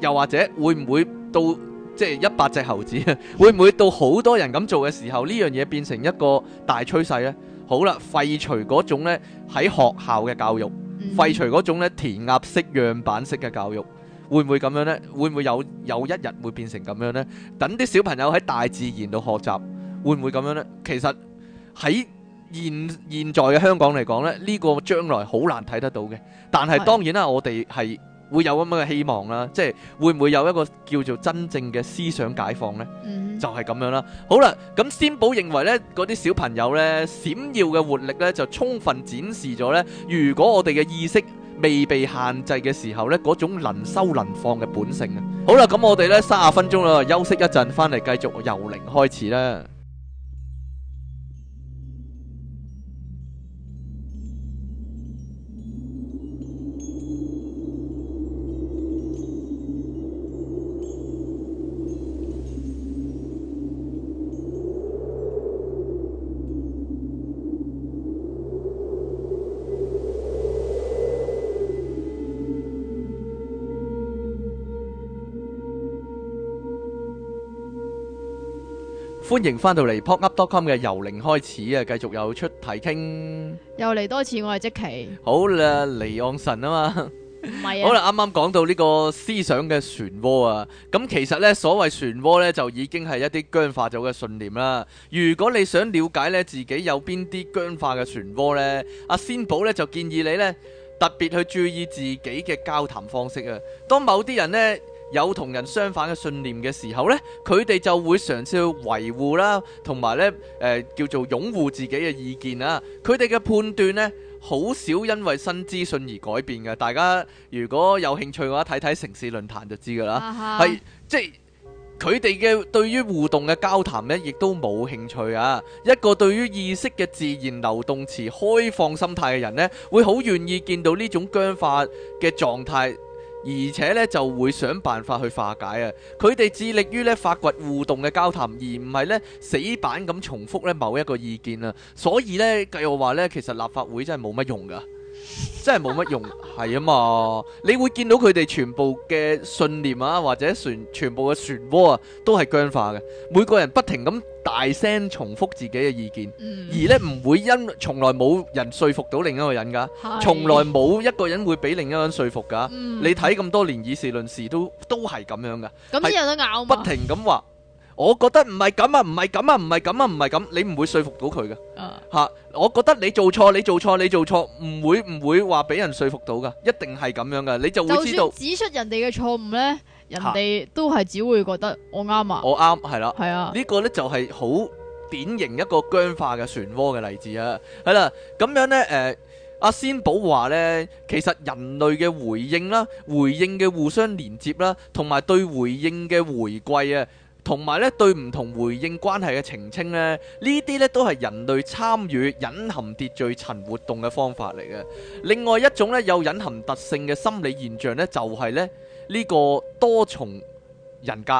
又或者會唔會到即係一百隻猴子啊？會唔會到好多人咁做嘅時候，呢樣嘢變成一個大趨勢呢？好啦，廢除嗰種呢喺學校嘅教育，廢除嗰種呢填鴨式樣板式嘅教育，會唔會咁樣呢？會唔會有有一日會變成咁樣呢？等啲小朋友喺大自然度學習，會唔會咁樣呢？其實喺現現在嘅香港嚟講呢，呢個將來好難睇得到嘅。但係當然啦，我哋係。會有咁樣嘅希望啦，即係會唔會有一個叫做真正嘅思想解放呢？Mm hmm. 就係咁樣啦。好啦，咁先寶認為呢，嗰啲小朋友呢，閃耀嘅活力呢，就充分展示咗呢。如果我哋嘅意識未被限制嘅時候呢，嗰種能收能放嘅本性啊。好啦，咁我哋呢，三十分鐘啦，休息一陣，翻嚟繼續由零開始啦。歡迎翻到嚟 PodUp.com 嘅由零開始啊，繼續又出題傾，又嚟多次，我係積奇好啦，離岸神啊嘛，唔係 啊。好啦，啱啱講到呢個思想嘅漩渦啊，咁、嗯、其實呢，所謂漩渦呢，就已經係一啲僵化咗嘅信念啦。如果你想了解呢自己有邊啲僵化嘅漩渦呢，阿仙寶呢就建議你呢特別去注意自己嘅交談方式啊。當某啲人呢。有同人相反嘅信念嘅時候呢，佢哋就會嘗試去維護，而且咧就會想辦法去化解啊！佢哋致力於咧發掘互動嘅交談，而唔係咧死板咁重複咧某一個意見啊！所以咧計我話咧，其實立法會真係冇乜用㗎。真係冇乜用，係啊嘛！你會見到佢哋全部嘅信念啊，或者船全部嘅漩渦啊，都係僵化嘅。每個人不停咁大聲重複自己嘅意見，而呢唔會因從來冇人說服到另一個人噶，從來冇一個人會俾另一個人說服噶。你睇咁多年以事論事都都係咁樣噶，咁先有得拗嘛？不停咁話。我覺得唔係咁啊，唔係咁啊，唔係咁啊，唔係咁。你唔會說服到佢嘅嚇。我覺得你做錯，你做錯，你做錯，唔會唔會話俾人說服到噶，一定係咁樣噶。你就會知道指出人哋嘅錯誤呢，人哋都係只會覺得我啱啊，啊我啱係啦，係啊。呢個呢，就係好典型一個僵化嘅漩渦嘅例子啊。係啦，咁樣呢，誒阿仙寶話呢，其實人類嘅回應啦，回應嘅互相連接啦，同埋對回應嘅回饋啊。同埋咧，對唔同回應關係嘅澄清咧，呢啲咧都係人類參與隱含秩序層活動嘅方法嚟嘅。另外一種咧有隱含特性嘅心理現象咧，就係咧呢個多重人格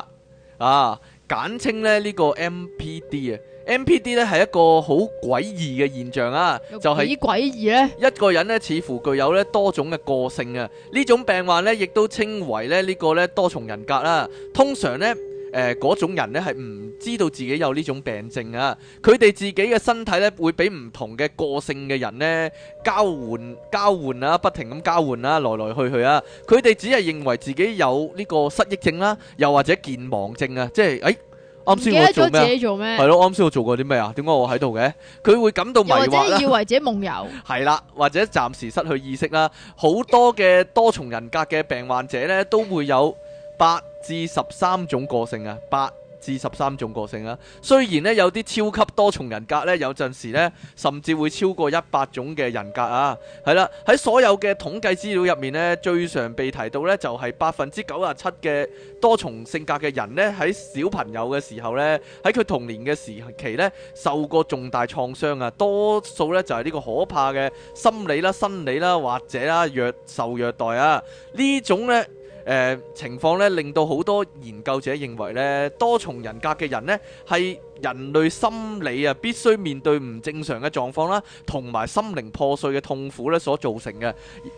啊，簡稱咧呢個 MPD 啊。MPD 咧係一個好詭異嘅現象啊，就係幾詭異咧？一個人咧似乎具有咧多種嘅個性啊。呢種病患咧，亦都稱為咧呢個咧多重人格啦。通常咧。誒，嗰種人咧係唔知道自己有呢種病症啊，佢哋自己嘅身體咧會俾唔同嘅個性嘅人咧交換交換啦，不停咁交換啦，來來去去啊，佢哋只係認為自己有呢個失憶症啦，又或者健忘症啊，即係誒，啱先我做咩，記得咗自己做咩。係咯，啱先我做過啲咩啊？點解我喺度嘅？佢會感到迷惑啦，或者以為自己夢遊。係啦，或者暫時失去意識啦。好多嘅多重人格嘅病患者咧都會有。八至十三種個性啊，八至十三種個性啊。雖然呢，有啲超級多重人格呢，有陣時呢，甚至會超過一百種嘅人格啊。係啦，喺所有嘅統計資料入面呢，最常被提到呢，就係百分之九十七嘅多重性格嘅人呢，喺小朋友嘅時候呢，喺佢童年嘅時期呢，受過重大創傷啊。多數呢，就係呢個可怕嘅心理啦、生理啦或者啦弱受虐待啊呢種呢。誒、呃、情況咧，令到好多研究者認為咧，多重人格嘅人咧係。人類心理啊，必須面對唔正常嘅狀況啦，同埋心靈破碎嘅痛苦咧，所造成嘅，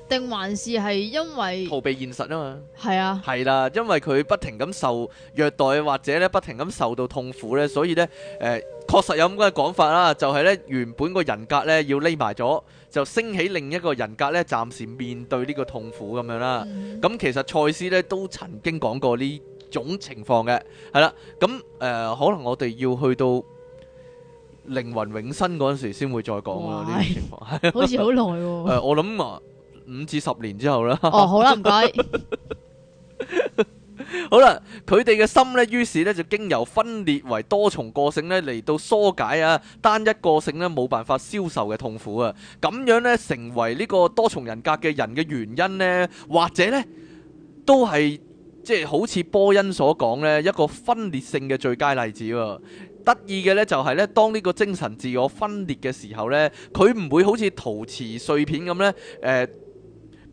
定還是係因為逃避現實是啊嘛？係啊，係啦，因為佢不停咁受虐待，或者咧不停咁受到痛苦呢。所以呢，誒、呃，確實有咁嘅講法啦，就係呢，原本個人格呢要匿埋咗，就升起另一個人格呢，暫時面對呢個痛苦咁樣啦。咁、嗯、其實賽斯呢都曾經講過呢。種情況嘅係啦，咁誒，可能我哋要去到靈魂永生嗰陣時，先會再講咯呢啲情況，係好似好耐。誒，我諗啊，五至十年之後啦。哦，好啦，唔該。好啦，佢哋嘅心呢，於是呢就經由分裂為多重個性呢嚟到疏解啊單一個性呢冇辦法消受嘅痛苦啊，咁樣呢成為呢個多重人格嘅人嘅原因呢，或者呢都係。即係好似波恩所講呢一個分裂性嘅最佳例子喎。得意嘅呢就係呢，當呢個精神自我分裂嘅時候呢，佢唔會好似陶瓷碎片咁呢，誒、呃、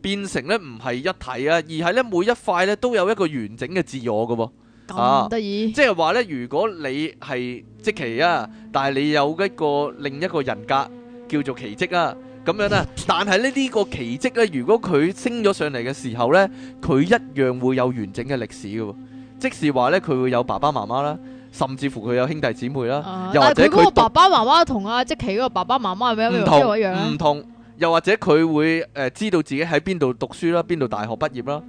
變成呢唔係一體啊，而係呢每一塊呢都有一個完整嘅自我噶噃。得、啊、意，即係話呢，如果你係積奇啊，但係你有一個另一個人格叫做奇蹟啊。咁樣啦、啊，但係咧呢、呢個奇蹟咧，如果佢升咗上嚟嘅時候咧，佢一樣會有完整嘅歷史嘅、哦，即是話咧，佢會有爸爸媽媽啦，甚至乎佢有兄弟姊妹啦，啊、又或者佢爸爸媽媽同阿即奇嗰個爸爸媽媽係咪同一樣唔、啊、同，又或者佢會誒、呃、知道自己喺邊度讀書啦，邊度大學畢業啦，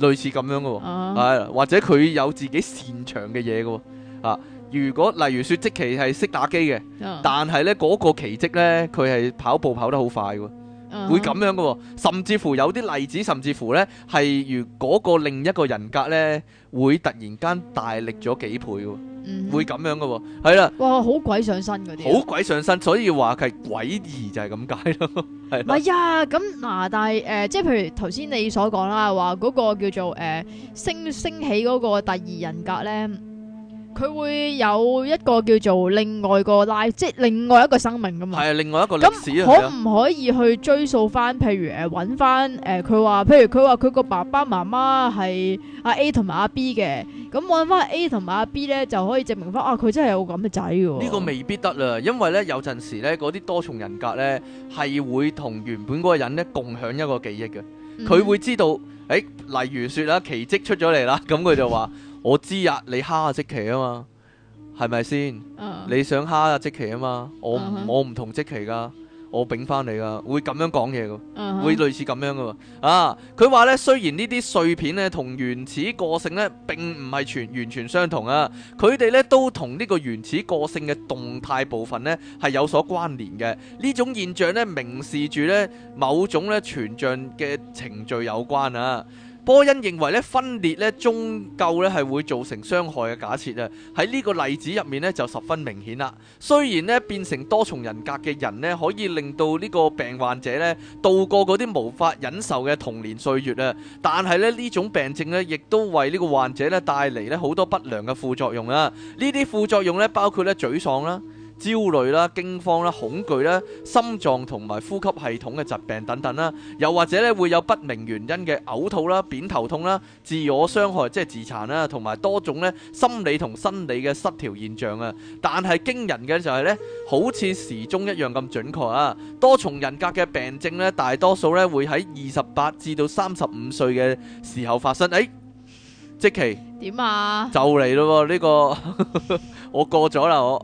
類似咁樣嘅、哦，係、啊啊、或者佢有自己擅長嘅嘢嘅吓。啊如果例如說即奇係識打機嘅，uh huh. 但係咧嗰個奇蹟咧，佢係跑步跑得好快嘅，uh huh. 會咁樣嘅、啊，甚至乎有啲例子，甚至乎咧係如嗰個另一個人格咧，會突然間大力咗幾倍，uh huh. 會咁樣嘅、啊，係啦，哇，好鬼上身嗰啲、啊，好鬼上身，所以話佢係鬼異就係咁解咯，係 啦，係啊，咁、嗯、嗱，但係誒、呃，即係譬如頭先你所講啦，話嗰個叫做誒、呃、升升起嗰個第二人格咧。佢會有一個叫做另外個 life，即係另外一個生命噶嘛？係啊，另外一個歷史啊！咁可唔可以去追溯翻？譬如誒，揾翻誒，佢、呃、話譬如佢話佢個爸爸媽媽係阿 A 同埋阿 B 嘅，咁揾翻 A 同埋阿 B 咧，就可以證明翻啊！佢真係有咁嘅仔喎。呢個未必得啦，因為咧有陣時咧嗰啲多重人格咧係會同原本嗰個人咧共享一個記憶嘅，佢會知道誒、嗯哎，例如説啦，奇蹟出咗嚟啦，咁佢就話。 我知呀，你蝦阿積奇啊嘛，係咪先？Uh huh. 你想蝦阿積奇啊嘛？我我唔同積奇噶，我抦翻你噶，會咁樣講嘢噶，uh huh. 會類似咁樣噶。啊，佢話咧，雖然呢啲碎片咧同原始個性咧並唔係全完全相同啊，佢哋咧都同呢個原始個性嘅動態部分咧係有所關聯嘅。呢種現象咧明示住咧某種咧全像嘅程序有關啊。波恩認為咧分裂咧終究咧係會造成傷害嘅假設啊，喺呢個例子入面咧就十分明顯啦。雖然咧變成多重人格嘅人咧可以令到呢個病患者咧度過嗰啲無法忍受嘅童年歲月啊，但係咧呢種病症咧亦都為呢個患者咧帶嚟咧好多不良嘅副作用啊。呢啲副作用咧包括咧沮喪啦。焦慮啦、驚慌啦、恐懼啦、心臟同埋呼吸系統嘅疾病等等啦，又或者咧會有不明原因嘅嘔吐啦、偏頭痛啦、自我傷害即係自殘啦，同埋多種咧心理同生理嘅失調現象啊。但係驚人嘅就係咧，好似時鐘一樣咁準確啊！多重人格嘅病症咧，大多數咧會喺二十八至到三十五歲嘅時候發生。誒，即期點啊？就嚟咯喎，呢個。我過咗啦，我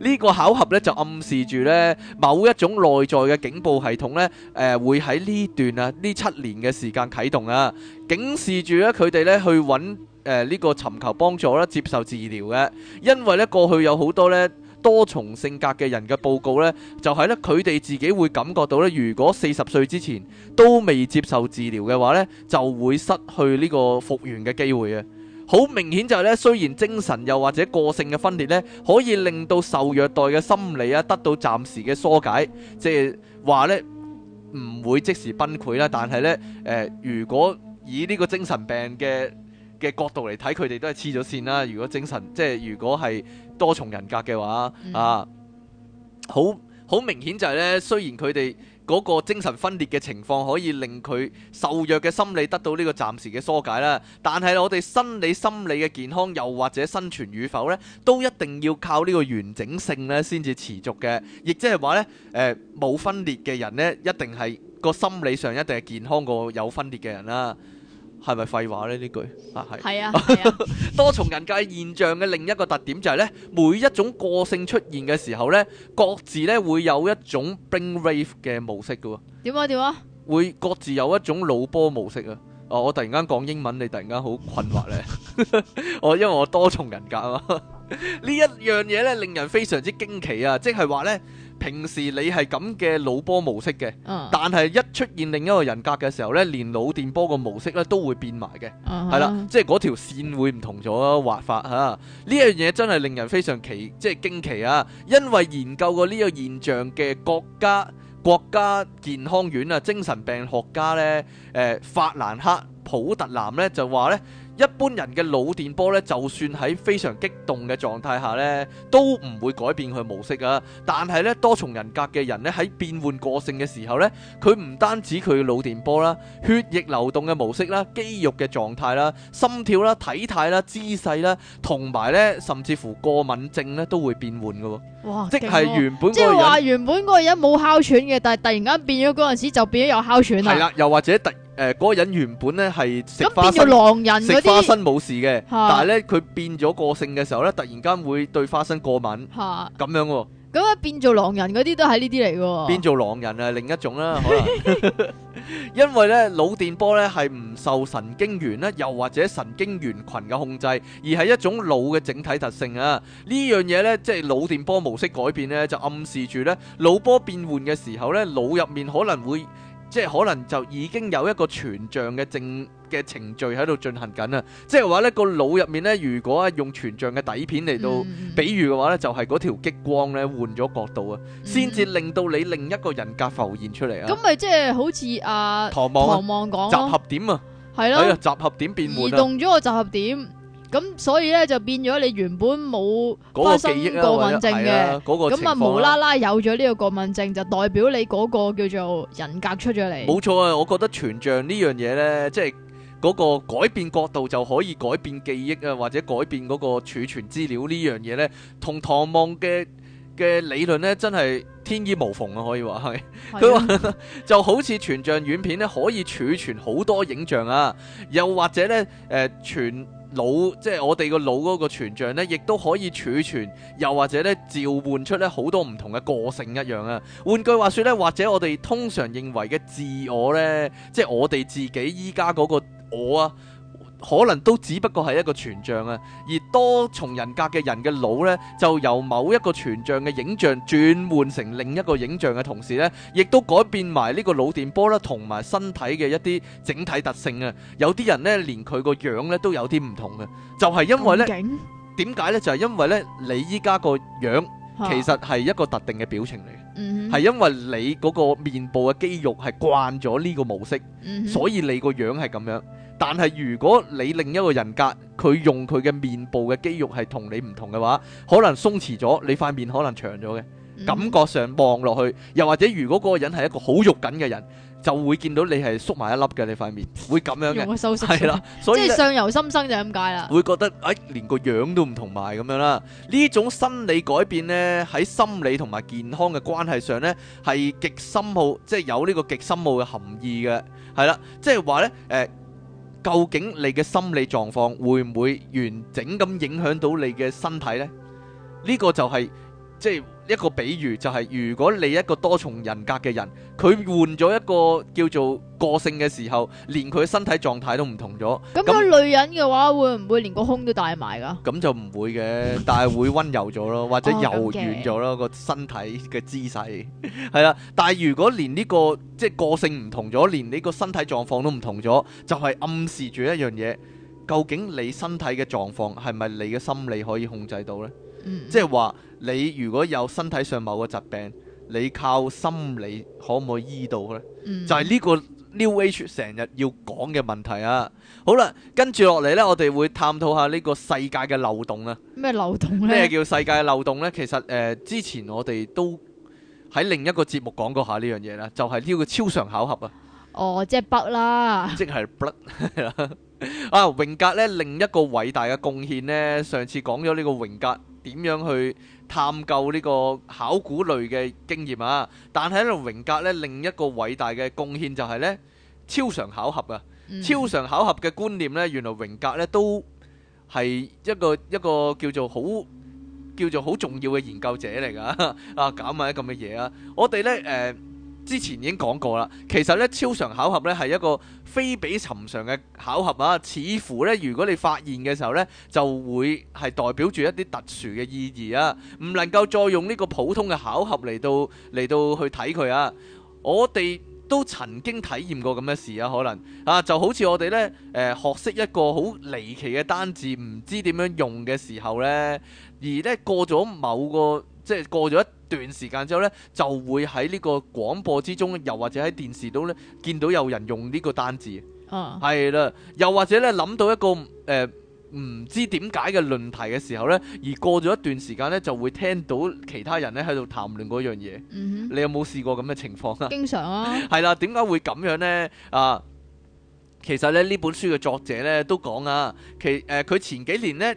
呢 個巧合呢，就暗示住呢某一種內在嘅警報系統呢，誒、呃、會喺呢段啊呢七年嘅時間啟動啊，警示住咧佢哋呢，呢去揾誒呢個尋求幫助啦，接受治療嘅，因為呢過去有好多呢多重性格嘅人嘅報告呢，就係、是、呢佢哋自己會感覺到呢，如果四十歲之前都未接受治療嘅話呢，就會失去呢個復原嘅機會嘅。好明顯就係咧，雖然精神又或者個性嘅分裂咧，可以令到受虐待嘅心理啊得到暫時嘅疏解，即係話咧唔會即時崩潰啦。但係咧誒，如果以呢個精神病嘅嘅角度嚟睇，佢哋都係黐咗線啦。如果精神即係如果係多重人格嘅話、嗯、啊，好好明顯就係咧，雖然佢哋。嗰個精神分裂嘅情況可以令佢受弱嘅心理得到呢個暫時嘅疏解啦，但係我哋生理心理嘅健康又或者生存與否呢，都一定要靠呢個完整性呢先至持續嘅，亦即係話呢，冇、呃、分裂嘅人呢，一定係個心理上一定係健康過有分裂嘅人啦。係咪廢話呢？呢句啊，係。係啊，啊 多重人格現象嘅另一個特點就係呢，每一種個性出現嘅時候呢，各自咧會有一種 brainwave 嘅模式嘅喎。點啊點啊？會各自有一種腦波模式啊！哦，我突然間講英文，你突然間好困惑呢！我 因為我多重人格啊，嘛！ 呢一樣嘢咧令人非常之驚奇啊！即係話呢。平時你係咁嘅腦波模式嘅，uh huh。但係一出現另一個人格嘅時候，呢連腦電波個模式呢都會變埋嘅，係啦、uh，即係嗰條線會唔同咗畫法嚇。呢樣嘢真係令人非常奇，即係驚奇啊！因為研究過呢個現象嘅國家國家健康院啊，精神病學家呢、誒、呃、法蘭克普特南呢，就話呢。一般人嘅腦電波咧，就算喺非常激動嘅狀態下咧，都唔會改變佢模式啊！但係咧，多重人格嘅人咧喺變換個性嘅時候咧，佢唔單止佢嘅腦電波啦、血液流動嘅模式啦、肌肉嘅狀態啦、心跳啦、體態啦、姿勢啦，同埋咧，甚至乎過敏症咧都會變換嘅喎。哇！即係原本、啊、即係話原本嗰個人冇哮喘嘅，但係突然間變咗嗰陣時就變咗有哮喘啊！係啦，又或者突。誒，嗰個、呃、人原本咧係食花生，食花生冇事嘅。的但係咧，佢變咗個性嘅時候咧，突然間會對花生過敏。吓的，咁樣喎、哦。咁啊，變做狼人嗰啲都係呢啲嚟嘅。變做狼人係另一種啦、啊， 可能。 因為咧，腦電波咧係唔受神經元咧，又或者神經元群嘅控制，而係一種腦嘅整體特性啊。呢樣嘢咧，即係腦電波模式改變咧，就暗示住咧腦波變換嘅時候咧，腦入面可能會。即係可能就已經有一個全像嘅正嘅程序喺度進行緊啊！即係話咧個腦入面咧，如果用全像嘅底片嚟到比喻嘅話咧，嗯、就係嗰條激光咧換咗角度啊，先至令到你另一個人格浮現出嚟啊！咁咪即係好似阿唐望講集合點啊，係咯的，哎呀集合點變換，啊，移動咗個集合點。咁所以咧就變咗你原本冇嗰個記憶、啊、過敏症嘅，咁啊，那個、啊就無啦啦有咗呢個過敏症，就代表你嗰個叫做人格出咗嚟。冇錯啊，我覺得全像呢樣嘢咧，即係嗰個改變角度就可以改變記憶啊，或者改變嗰個儲存資料呢樣嘢咧，同唐望嘅嘅理論咧真係天衣無縫啊，可以話係。佢話、啊、 就好似全像軟片咧可以儲存好多影像啊，又或者咧誒全。呃全腦即係我哋個腦嗰個全像呢，亦都可以儲存，又或者呢，召喚出呢好多唔同嘅個性一樣啊。換句話說呢，或者我哋通常認為嘅自我呢，即係我哋自己依家嗰個我啊。可能都只不過係一個全像啊，而多重人格嘅人嘅腦呢，就由某一個全像嘅影像轉換成另一個影像嘅同時呢，亦都改變埋呢個腦電波啦，同埋身體嘅一啲整體特性啊。有啲人呢，連佢個樣呢都有啲唔同嘅，就係、是、因為呢，點解呢？就係、是、因為呢，你依家個樣其實係一個特定嘅表情嚟嘅，係、啊嗯、因為你嗰個面部嘅肌肉係慣咗呢個模式，嗯、哼所以你個樣係咁樣。但係如果你另一個人格佢用佢嘅面部嘅肌肉係同你唔同嘅話，可能鬆弛咗，你塊面可能長咗嘅感覺上望落去。又或者如果嗰個人係一個好肉緊嘅人，就會見到你係縮埋一粒嘅你塊面會咁樣嘅，係啦，即係上由心生就咁解啦。會覺得誒，連個樣都唔同埋咁樣啦。呢種心理改變呢，喺心理同埋健康嘅關係上呢，係極深奧，即係有呢個極深奧嘅含義嘅。係啦，即係話呢誒。究竟你嘅心理狀況會唔會完整咁影響到你嘅身體呢？呢個就係，即係。一個比喻就係，如果你一個多重人格嘅人，佢換咗一個叫做個性嘅時候，連佢身體狀態都唔同咗。咁這樣女那人嘅話會唔會連個胸都帶埋噶？咁就唔會嘅， 但係會温柔咗咯，或者柔軟咗咯，個身體嘅姿勢係啦。 但係如果連呢、這個即係個性唔同咗，連你個身體狀況都唔同咗，就係、是、暗示住一樣嘢，究竟你身體嘅狀況係咪你嘅心理可以控制到呢？即係話。你如果有身體上某個疾病，你靠心理可唔可以醫到呢？嗯、就係呢個 New Age 成日要講嘅問題啊！好啦，跟住落嚟呢，我哋會探討下呢個世界嘅漏洞啊！咩漏洞呢？咩叫世界嘅漏洞呢？其實誒、呃，之前我哋都喺另一個節目講過下呢樣嘢啦，就係、是、呢個超常巧合啊！哦，即係 Bug 啦，即係是 Bug 啊！榮格呢，另一個偉大嘅貢獻呢，上次講咗呢個榮格點樣去。探究呢個考古類嘅經驗啊，但係喺度榮格咧，另一個偉大嘅貢獻就係咧超常巧合啊，超常巧合嘅觀念咧，原來榮格咧都係一個一個叫做好叫做好重要嘅研究者嚟㗎啊！啊，搞埋啲咁嘅嘢啊！我哋咧誒。之前已經講過啦，其實咧超常巧合咧係一個非比尋常嘅巧合啊！似乎咧，如果你發現嘅時候咧，就會係代表住一啲特殊嘅意義啊！唔能夠再用呢個普通嘅巧合嚟到嚟到去睇佢啊！我哋都曾經體驗過咁嘅事啊，可能啊就好似我哋咧誒學識一個好離奇嘅單字，唔知點樣用嘅時候咧，而咧過咗某個即係過咗一。段時間之後呢，就會喺呢個廣播之中，又或者喺電視度呢，見到有人用呢個單字。啊，係啦，又或者呢，諗到一個誒唔知點解嘅論題嘅時候呢，而過咗一段時間呢，就會聽到其他人呢喺度談論嗰樣嘢。嗯哼，你有冇試過咁嘅情況啊？經常啊。係啦，點解會咁樣呢？啊，其實呢，呢本書嘅作者呢都講啊，其誒佢前幾年呢，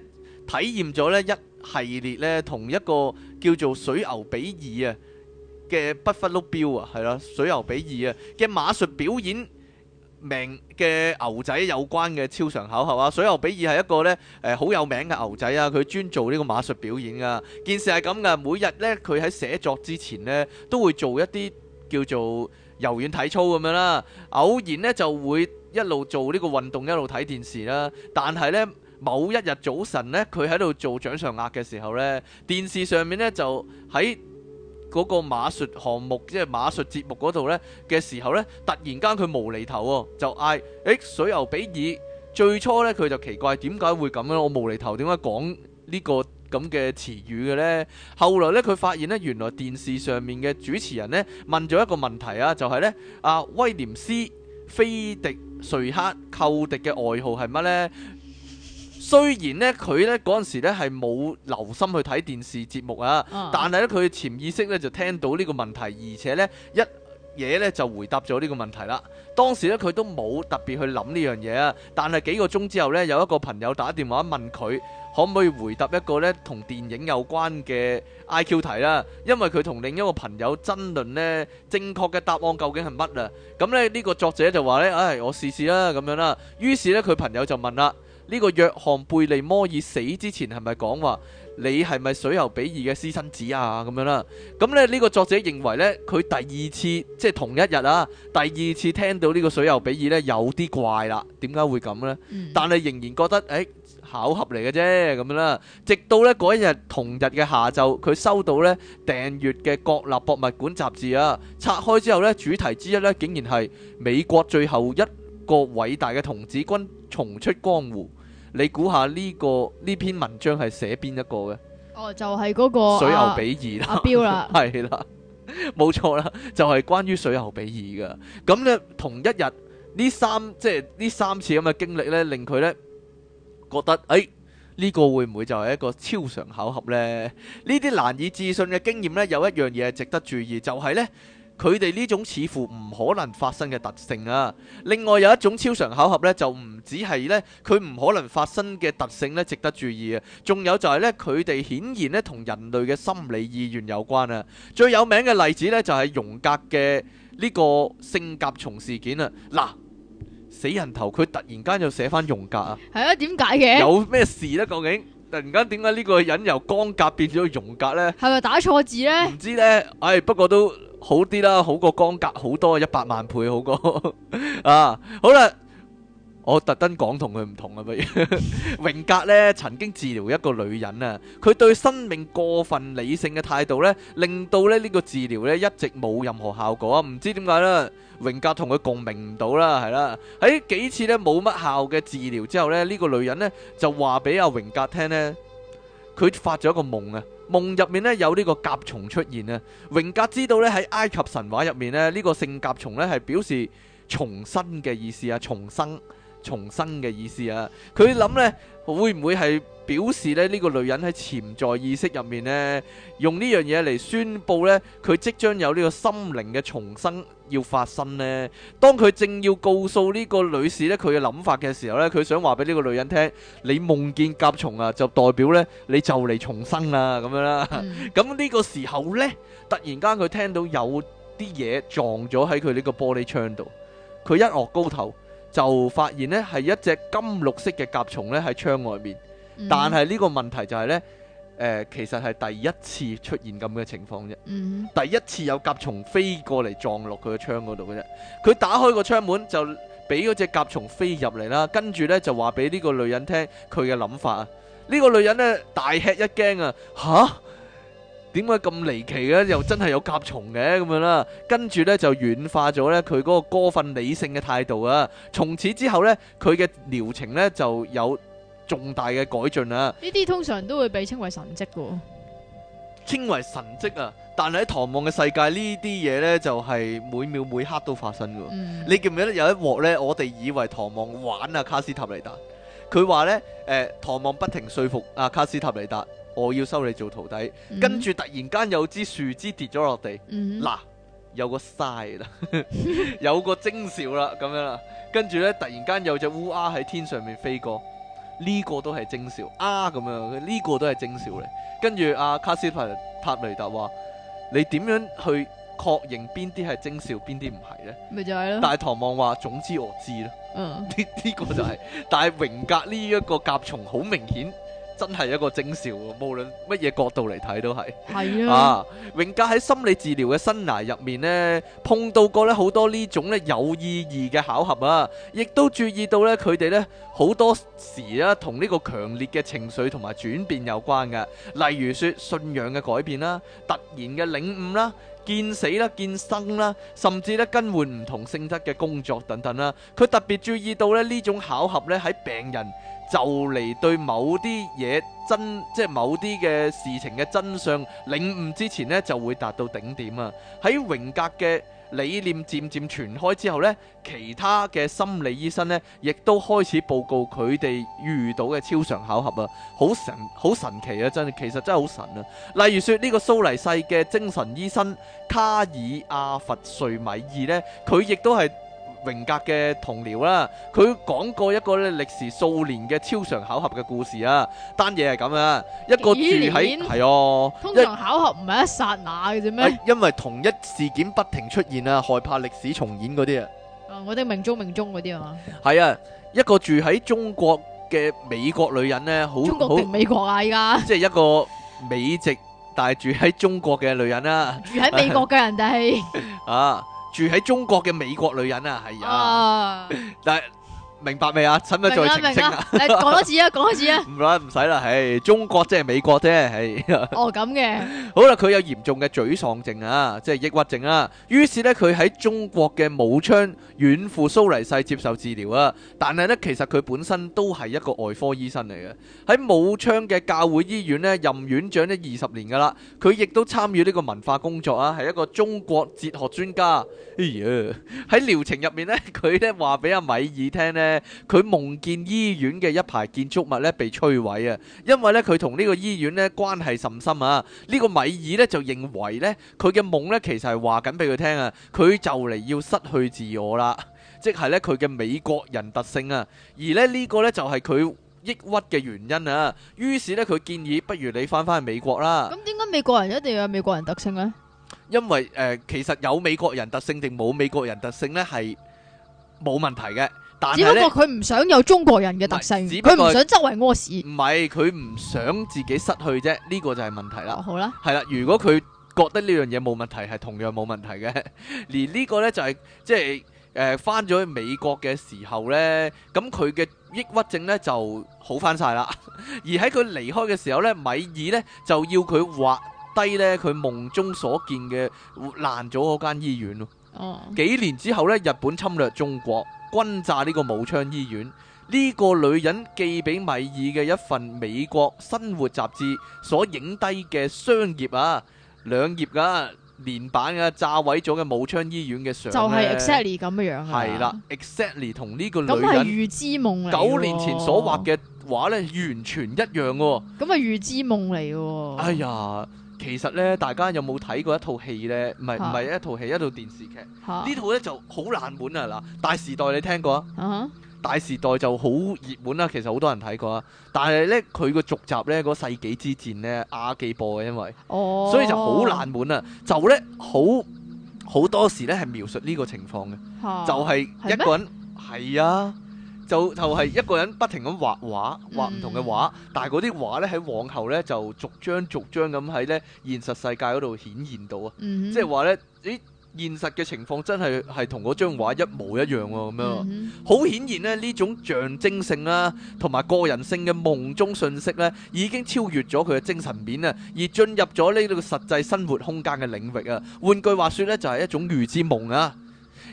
體驗咗呢一系列呢同一個。叫做水牛比爾啊嘅不忽碌標啊，係啦，水牛比爾啊嘅馬術表演名嘅牛仔有關嘅超常口，係嘛？水牛比爾係一個咧誒好有名嘅牛仔啊，佢專做呢個馬術表演噶。件事係咁噶，每日咧佢喺寫作之前咧都會做一啲叫做柔軟體操咁樣啦，偶然咧就會一路做呢個運動一路睇電視啦，但係咧。某一日早晨呢，佢喺度做掌上壓嘅時候呢，電視上面呢就喺嗰個馬術項目，即係馬術節目嗰度呢嘅時候呢，突然間佢無厘頭喎，就嗌：誒水牛比爾。最初呢，佢就奇怪點解會咁樣，我無厘頭點解講呢個咁嘅詞語嘅呢？後來呢，佢發現呢，原來電視上面嘅主持人呢問咗一個問題啊，就係呢：「阿威廉斯菲迪瑞克寇迪嘅外號係乜呢？」雖然咧，佢咧嗰陣時咧係冇留心去睇電視節目啊，但係咧佢潛意識咧就聽到呢個問題，而且咧一嘢咧就回答咗呢個問題啦。當時咧佢都冇特別去諗呢樣嘢啊，但係幾個鐘之後咧有一個朋友打電話問佢可唔可以回答一個咧同電影有關嘅 IQ 題啦，因為佢同另一個朋友爭論咧正確嘅答案究竟係乜啊。咁咧呢個作者就話咧：「唉，我試試啦咁樣啦。」於是咧佢朋友就問啦。呢個約翰貝利摩爾死之前係咪講話你係咪水牛比爾嘅私生子啊咁樣啦？咁咧呢個作者認為呢，佢第二次即係同一日啊，第二次聽到呢個水牛比爾呢，有啲怪啦，點解會咁呢？但係仍然覺得誒，巧合嚟嘅啫咁樣啦。直到呢，嗰一日同日嘅下晝，佢收到呢，訂閱嘅國立博物館雜誌啊，拆開之後呢，主題之一呢，竟然係美國最後一個偉大嘅童子軍重出江湖。你估下呢、這個呢篇文章係寫邊一個嘅？哦，就係、是、嗰、那個水牛比爾啦，標啦、啊，係啦、 啊，冇錯啦，就係、是、關於水牛比爾㗎。咁咧，同一日呢三即係呢三次咁嘅經歷咧，令佢咧覺得誒呢、哎這個會唔會就係一個超常巧合咧？呢啲難以置信嘅經驗咧，有一樣嘢係值得注意，就係、是、咧。佢哋呢種似乎唔可能發生嘅特性啊，另外有一種超常巧合呢，就唔止係呢佢唔可能發生嘅特性呢，值得注意啊。仲有就係呢，佢哋顯然呢同人類嘅心理意願有關啊。最有名嘅例子呢，就係、是、容格嘅呢個聖甲蟲事件啊。嗱，死人頭佢突然間又寫返容格啊，係啊，點解嘅？有咩事呢？究竟？突然間點解呢個人由光格變咗熔格呢？係咪打錯字呢？唔知呢。唉、哎，不過都好啲啦，好過光格好多，一百萬倍好過 啊！好啦。我特登講同佢唔同啊。比如榮 格咧曾經治療一個女人啊，佢對生命過分理性嘅態度呢，令到咧呢個治療呢一直冇任何效果啊！唔知點解咧，榮格同佢共鳴唔到啦，係啦，喺幾次呢冇乜效嘅治療之後呢，呢、這個女人呢就話俾阿榮格聽呢佢發咗一個夢啊，夢入面呢有呢個甲蟲出現啊！榮格知道呢，喺埃及神話入面呢，呢、這個聖甲蟲呢係表示重生嘅意思啊，重生。重生嘅意思啊，佢諗呢會唔會係表示咧呢、呢個女人喺潛在意識入面呢？用呢樣嘢嚟宣佈呢，佢即將有呢個心靈嘅重生要發生呢。當佢正要告訴呢個女士呢，佢嘅諗法嘅時候呢，佢想話俾呢個女人聽，你夢見甲蟲啊，就代表呢，你就嚟重生啦咁樣啦。咁呢、嗯、個時候呢，突然間佢聽到有啲嘢撞咗喺佢呢個玻璃窗度，佢一愕高頭。就發現呢係一隻金綠色嘅甲蟲呢喺窗外面，嗯、但係呢個問題就係呢，誒、呃、其實係第一次出現咁嘅情況啫，嗯、第一次有甲蟲飛過嚟撞落佢個窗嗰度嘅啫。佢打開個窗門就俾嗰隻甲蟲飛入嚟啦，跟住呢，就話俾呢個女人聽佢嘅諗法啊。呢、呢個女人呢，大吃一驚啊，嚇！點解咁離奇嘅、啊？又真係有甲蟲嘅咁樣啦、啊，跟住呢，就軟化咗呢佢嗰個過分理性嘅態度啊！從此之後呢，佢嘅療程呢就有重大嘅改進啦、啊。呢啲通常都會被稱為神蹟噶，稱為神蹟啊！但係喺唐望嘅世界呢啲嘢呢就係、是、每秒每刻都發生噶。嗯、你記唔記得有一幕呢？我哋以為唐望玩啊卡斯塔尼達，佢話呢，誒、呃，唐望不停說服啊卡斯塔尼達。我要收你做徒弟，跟住、mm hmm. 突然間有支樹枝，枝跌咗落地，嗱有個晒啦，有個徵 兆啦，咁樣啦，跟住咧突然間有隻烏鴉喺天上面飛過，呢、這個都係徵兆啊咁樣，呢、這個都係徵兆嚟。跟住阿卡斯帕塔，塔雷達話：你點樣去確認邊啲係徵兆，邊啲唔係咧？咪就係咯。大唐望話：總之我知咯。嗯、uh，呢、huh. 呢 個就係、是，但係榮格呢一個甲蟲好明顯。真係一個徵兆喎，無論乜嘢角度嚟睇都係。係啊，榮格喺心理治療嘅生涯入面咧，碰到過咧好多呢種咧有意義嘅巧合啊，亦都注意到咧佢哋咧好多時啦，同呢個強烈嘅情緒同埋轉變有關嘅，例如説信仰嘅改變啦，突然嘅領悟啦。見死啦，見生啦，甚至咧更換唔同性質嘅工作等等啦。佢特別注意到咧呢種巧合咧喺病人就嚟對某啲嘢真，即係某啲嘅事情嘅真相領悟之前咧就會達到頂點啊！喺榮格嘅。理念漸漸傳開之後呢，其他嘅心理醫生呢，亦都開始報告佢哋遇到嘅超常巧合啊！好神，好神奇啊！真係，其實真係好神啊！例如說呢個蘇黎世嘅精神醫生卡爾阿佛瑞米爾呢，佢亦都係。榮格嘅同僚啦，佢講過一個咧歷時數年嘅超常巧合嘅故事啊，單嘢係咁啊，一個住喺係哦，年喲通常巧合唔係一剎那嘅啫咩？因為同一事件不停出現啊，害怕歷史重演嗰啲啊。哦、嗯，我哋命中命中嗰啲啊嘛。係啊，一個住喺中國嘅美國女人咧，好，中國定美國啊，依家。即、就、係、是、一個美籍但係住喺中國嘅女人啊，住喺美國嘅人哋啊。 住喺中國嘅美國女人啊，係啊， 但係。明白未啊？使唔使再澄清啊？嚟講多次啊，講多次啊！唔啦，唔使啦，係，中國即係美國啫，係。哦，咁嘅。好啦，佢有嚴重嘅沮喪症啊，即係抑鬱症啊。於是咧，佢喺中國嘅武昌遠赴蘇黎世接受治療啊。但係咧，其實佢本身都係一個外科醫生嚟嘅，喺武昌嘅教會醫院咧任院長咧二十年噶啦。佢亦都參與呢個文化工作啊，係一個中國哲學專家。哎呀，喺療程入面咧，佢咧話俾阿米爾聽咧。佢夢見醫院嘅一排建築物咧被摧毀啊，因為咧佢同呢個醫院咧關係甚深啊。呢、這個米爾咧就認為咧，佢嘅夢咧其實係話緊俾佢聽啊，佢就嚟要失去自我啦，即係咧佢嘅美國人特性啊。而咧呢個咧就係佢抑鬱嘅原因啊。於是咧佢建議，不如你翻翻去美國啦。咁點解美國人一定要有美國人特性呢？因為誒、呃，其實有美國人特性定冇美國人特性呢，係冇問題嘅。只不過佢唔想有中國人嘅特性，佢唔想周圍屙屎。唔係佢唔想自己失去啫，呢個就係問題啦。好啦，係啦，如果佢覺得呢樣嘢冇問題，係同樣冇問題嘅。而呢個咧就係即係誒，翻咗去美國嘅時候咧，咁佢嘅抑鬱症咧就好翻晒啦。而喺佢離開嘅時候咧，米爾咧就要佢畫低咧佢夢中所見嘅爛咗嗰間醫院咯。哦，幾年之後咧，日本侵略中國。轟炸呢個武昌醫院，呢、這個女人寄俾米爾嘅一份美國生活雜誌所影低嘅雙頁啊，兩頁噶連版啊，炸毀咗嘅武昌醫院嘅相，就係 ex exactly 咁嘅樣係啦，exactly 同呢個女人九、哦、年前所畫嘅畫咧完全一樣嘅、哦，咁啊預知夢嚟嘅，哎呀！其實咧，大家有冇睇過一套戲呢？唔係唔係一套戲，一套電視劇。呢套呢就好冷門啊！嗱，《大時代》你聽過啊？Uh huh. 大時代就好熱門啦，其實好多人睇過啊。但係呢，佢個續集呢，嗰世紀之戰呢，亞記播嘅，因為，oh. 所以就好冷門啊。就呢，好好多時呢係描述呢個情況嘅，啊、就係一個人係嗎啊。就就係一個人不停咁畫畫，畫唔同嘅畫，但係嗰啲畫咧喺往後咧就逐張逐張咁喺咧現實世界嗰度顯現到啊，即係話咧，咦現實嘅情況真係係同嗰張畫一模一樣喎，啊，咁樣，嗯哼，好顯然呢，呢種象徵性啦，啊，同埋個人性嘅夢中信息咧，已經超越咗佢嘅精神面啊，而進入咗呢個實際生活空間嘅領域啊。換句話說咧，就係一種預知夢啊，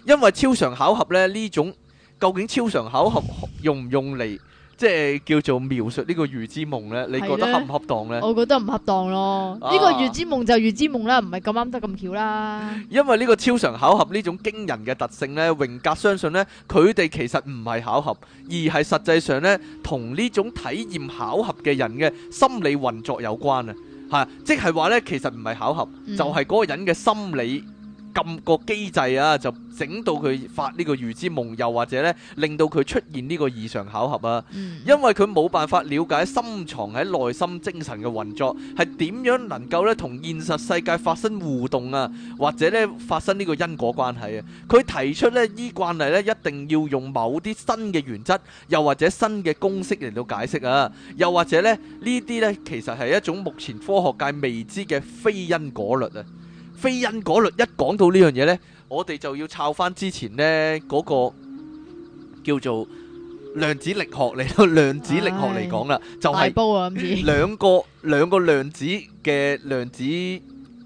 因為超常巧合咧呢種。究竟超常巧合用唔用嚟即係叫做描述呢個預知夢咧？你覺得恰唔恰當咧？我覺得唔恰當咯。呢個預知夢就預知夢啦，唔係咁啱得咁巧啦。因為呢個超常巧合呢種驚人嘅特性咧，榮格相信咧，佢哋其實唔係巧合，而係實際上咧同呢種體驗巧合嘅人嘅心理運作有關啊。吓，即係話咧，其實唔係巧合，就係嗰個人嘅心理。咁個機制啊，就整到佢發呢個預知夢，又或者呢令到佢出現呢個異常巧合啊。因為佢冇辦法了解深藏喺內心精神嘅運作，係點樣能夠呢同現實世界發生互動啊，或者呢發生呢個因果關係啊。佢提出呢依慣例呢一定要用某啲新嘅原則，又或者新嘅公式嚟到解釋啊，又或者呢呢啲呢其實係一種目前科學界未知嘅非因果律啊。非因果律一講到呢樣嘢呢，我哋就要抄翻之前呢嗰、嗰個叫做量子力學嚟到量子力學嚟講啦，哎、就係兩個 兩個量子嘅量子。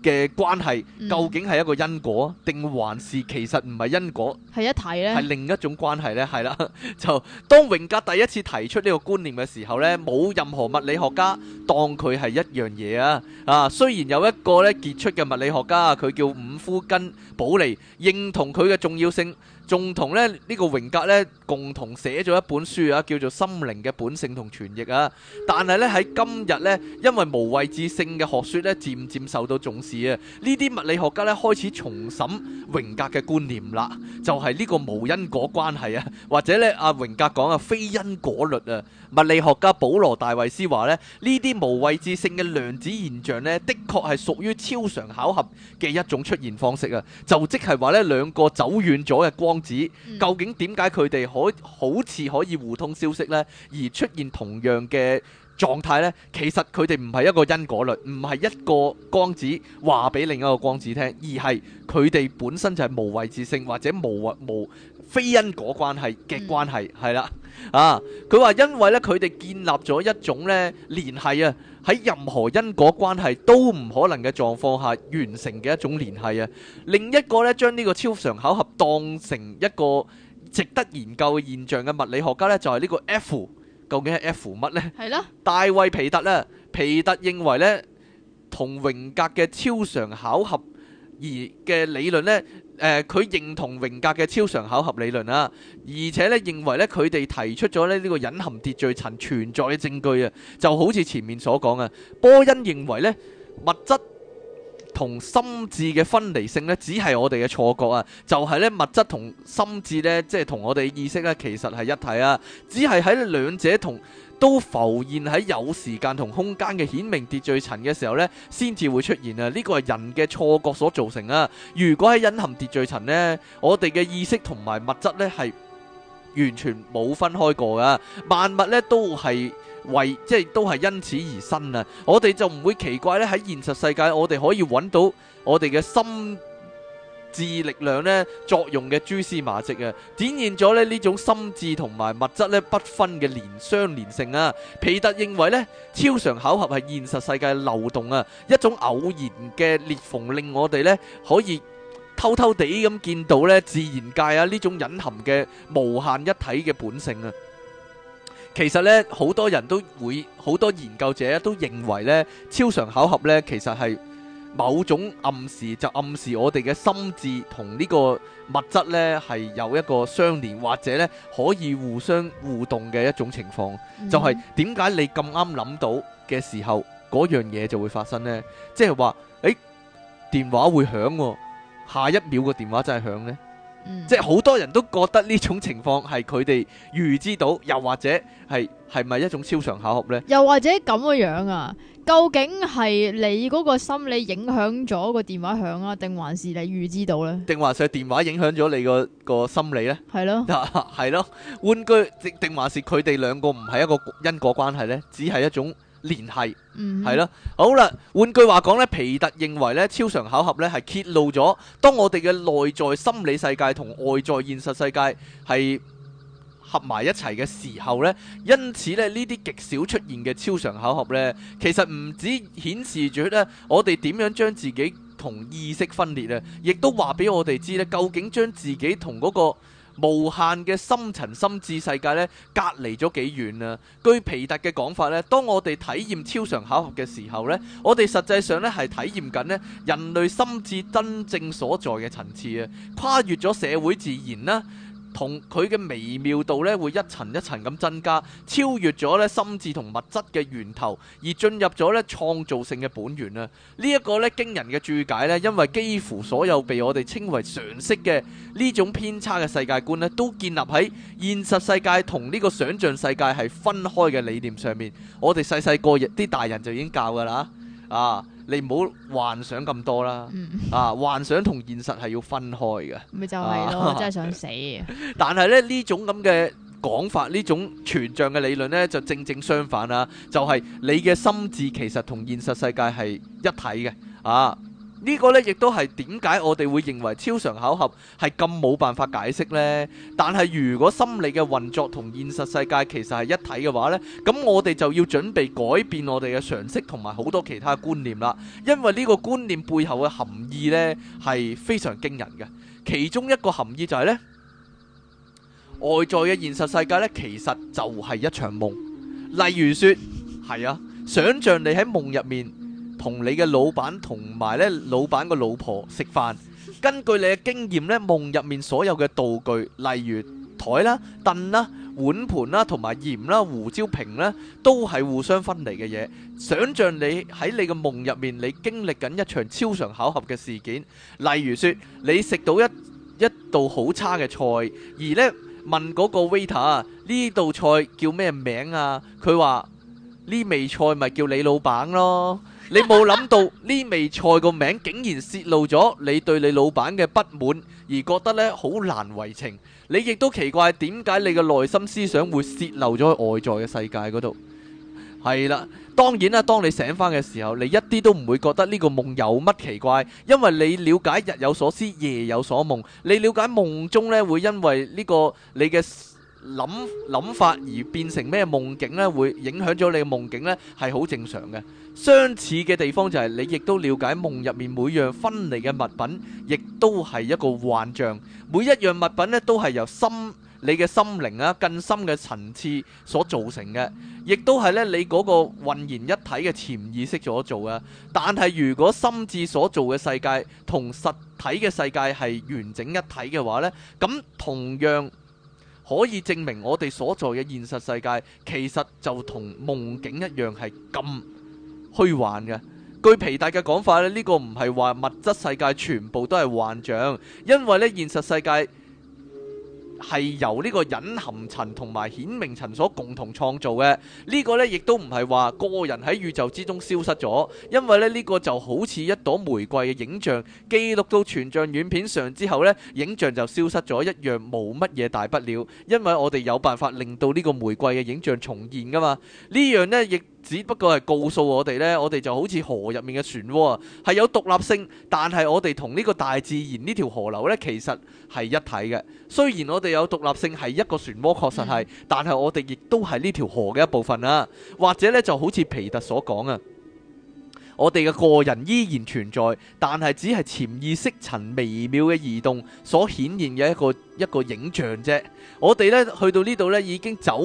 嘅關係究竟係一個因果，定還是其實唔係因果？係一體咧，係另一種關係呢？係啦。就當榮格第一次提出呢個觀念嘅時候呢，冇任何物理學家當佢係一樣嘢啊！啊，雖然有一個咧傑出嘅物理學家，佢叫伍夫根·保利，認同佢嘅重要性。仲同咧呢個榮格咧共同寫咗一本書啊，叫做《心靈嘅本性同傳譯》啊。但係咧喺今日咧，因為無位置性嘅學説咧漸漸受到重視啊，呢啲物理學家咧開始重審榮格嘅觀念啦。就係呢個無因果關係啊，或者咧阿榮格講啊非因果律啊。物理學家保羅大衛斯話咧，呢啲無位置性嘅量子現象咧，的確係屬於超常巧合嘅一種出現方式啊。就即係話咧兩個走遠咗嘅光子究竟點解佢哋可好似可以互通消息呢，而出現同樣嘅狀態呢？其實佢哋唔係一個因果律，唔係一個光子話俾另一個光子聽，而係佢哋本身就係無謂之性或者無無非因果關係嘅關係，係啦啊！佢話因為呢，佢哋建立咗一種呢聯繫啊。喺任何因果關係都唔可能嘅狀況下完成嘅一種聯繫啊！另一個呢將呢個超常巧合當成一個值得研究嘅現象嘅物理學家呢，就係呢個 F，究竟係 F 乜呢？係咯，大衛皮特呢，皮特認為呢，同榮格嘅超常巧合。而嘅理論呢，誒、呃、佢認同榮格嘅超常巧合理論啊，而且咧認為咧佢哋提出咗咧呢個隱含秩序層存在嘅證據啊，就好似前面所講啊，波恩認為呢物質同心智嘅分離性呢，只係我哋嘅錯覺啊，就係、是、呢物質同心智呢，即係同我哋意識呢，其實係一體啊，只係喺兩者同。都浮現喺有時間同空間嘅顯明秩序層嘅時候呢先至會出現啊！呢個係人嘅錯覺所造成啊！如果喺隱含秩序層呢，我哋嘅意識同埋物質呢係完全冇分開過噶，萬物呢都係為即係、即係、都係因此而生啊！我哋就唔會奇怪呢，喺現實世界，我哋可以揾到我哋嘅心智力量咧作用嘅蛛絲馬迹啊，展現咗咧呢種心智同埋物質咧不分嘅連相連性啊。皮特認為咧，超常巧合係現實世界漏洞啊一種偶然嘅裂縫，令我哋咧可以偷偷地咁見到咧自然界啊呢種隱含嘅無限一體嘅本性啊。其實咧好多人都會，好多研究者都認為咧超常巧合咧其實係。某種暗示就暗示我哋嘅心智同呢個物質咧係有一個相連或者咧可以互相互動嘅一種情況，就係點解你咁啱諗到嘅時候，嗰樣嘢就會發生咧？即係話，誒電話會響、哦，下一秒個電話真係響咧。即係好多人都覺得呢種情況係佢哋預知到，又或者係係咪一種超常巧合咧？又或者咁嘅樣啊？究竟係你嗰個心理影響咗個電話響啊，定還是你預知到咧？定還是電話影響咗你個個心理咧？係咯，係咯，換句，定還是佢哋兩個唔係一個因果關係咧，只係一種。聯繫，係咯、mm hmm，好啦。換句話講咧，皮特認為咧，超常巧合咧係揭露咗，當我哋嘅內在心理世界同外在現實世界係合埋一齊嘅時候咧，因此咧呢啲極少出現嘅超常巧合咧，其實唔止顯示住咧，我哋點樣將自己同意識分裂啊，亦都話俾我哋知咧，究竟將自己同嗰個無限嘅深層心智世界咧，隔離咗幾遠啊！據皮特嘅講法咧，當我哋體驗超常巧合嘅時候咧，我哋實際上咧係體驗緊咧人類心智真正所在嘅層次啊，跨越咗社會自然啦、啊。同佢嘅微妙度咧，會一層一層咁增加，超越咗咧心智同物質嘅源頭，而進入咗咧創造性嘅本源啊！呢一個咧驚人嘅注解咧，因為幾乎所有被我哋稱為常識嘅呢種偏差嘅世界觀咧，都建立喺現實世界同呢個想象世界係分開嘅理念上面。我哋細細個啲大人就已經教㗎喇。啊！你唔好幻想咁多啦，啊！幻想同現實係要分開嘅，咪 就係咯，啊、真係想死，但係咧呢種咁嘅講法，呢種全像嘅理論呢，就正正相反啦！就係、是、你嘅心智其實同現實世界係一體嘅啊！呢個呢，亦都係點解我哋會認為超常巧合係咁冇辦法解釋呢？但係如果心理嘅運作同現實世界其實係一體嘅話呢，咁我哋就要準備改變我哋嘅常識同埋好多其他觀念啦。因為呢個觀念背後嘅含義呢，係非常驚人嘅。其中一個含義就係呢：外在嘅現實世界呢，其實就係一場夢。例如說，係啊，想象你喺夢入面。同你嘅老闆同埋咧老闆個老婆食飯。根據你嘅經驗咧，夢入面所有嘅道具，例如台啦、凳啦、碗盤啦、同埋鹽啦、胡椒瓶啦，都係互相分離嘅嘢。想像你喺你嘅夢入面，你經歷緊一場超常巧合嘅事件，例如說你食到一一道好差嘅菜，而咧問嗰個 waiter，呢道菜叫咩名啊？佢話呢味菜咪叫你老闆咯。你冇諗到呢味菜個名竟然洩露咗你對你老闆嘅不滿，而覺得呢好難為情。你亦都奇怪點解你嘅內心思想會洩露咗去外在嘅世界嗰度。係啦，當然啦，當你醒翻嘅時候，你一啲都唔會覺得呢個夢有乜奇怪，因為你了解日有所思夜有所夢，你了解夢中呢會因為呢個你嘅。諗諗法而變成咩夢境呢，會影響咗你嘅夢境呢，係好正常嘅。相似嘅地方就係你亦都了解夢入面每樣分離嘅物品，亦都係一個幻象。每一樣物品呢，都係由心你嘅心靈啊，更深嘅層次所造成嘅，亦都係呢你嗰個渾然一體嘅潛意識所做嘅。但係如果心智所做嘅世界同實體嘅世界係完整一體嘅話呢，咁同樣。可以證明我哋所在嘅現實世界其實就同夢境一樣係咁虛幻嘅。據皮帶嘅講法咧，呢個唔係話物質世界全部都係幻象，因為呢現實世界，係由呢個隱含層同埋顯明層所共同創造嘅，呢、這個呢，亦都唔係話個人喺宇宙之中消失咗，因為咧呢、這個就好似一朵玫瑰嘅影像記錄到全像軟片上之後呢，影像就消失咗一樣，冇乜嘢大不了，因為我哋有辦法令到呢個玫瑰嘅影像重現噶嘛，呢樣呢。亦。只不過係告訴我哋呢，我哋就好似河入面嘅漩渦啊，係有獨立性，但係我哋同呢個大自然呢條河流呢，其實係一體嘅。雖然我哋有獨立性，係一個漩渦，確實係，但係我哋亦都係呢條河嘅一部分啊，或者呢就好似皮特所講啊，我哋嘅個人依然存在，但係只係潛意識層微妙嘅移動所顯現嘅一個一個影像啫。我哋呢去到呢度呢，已經走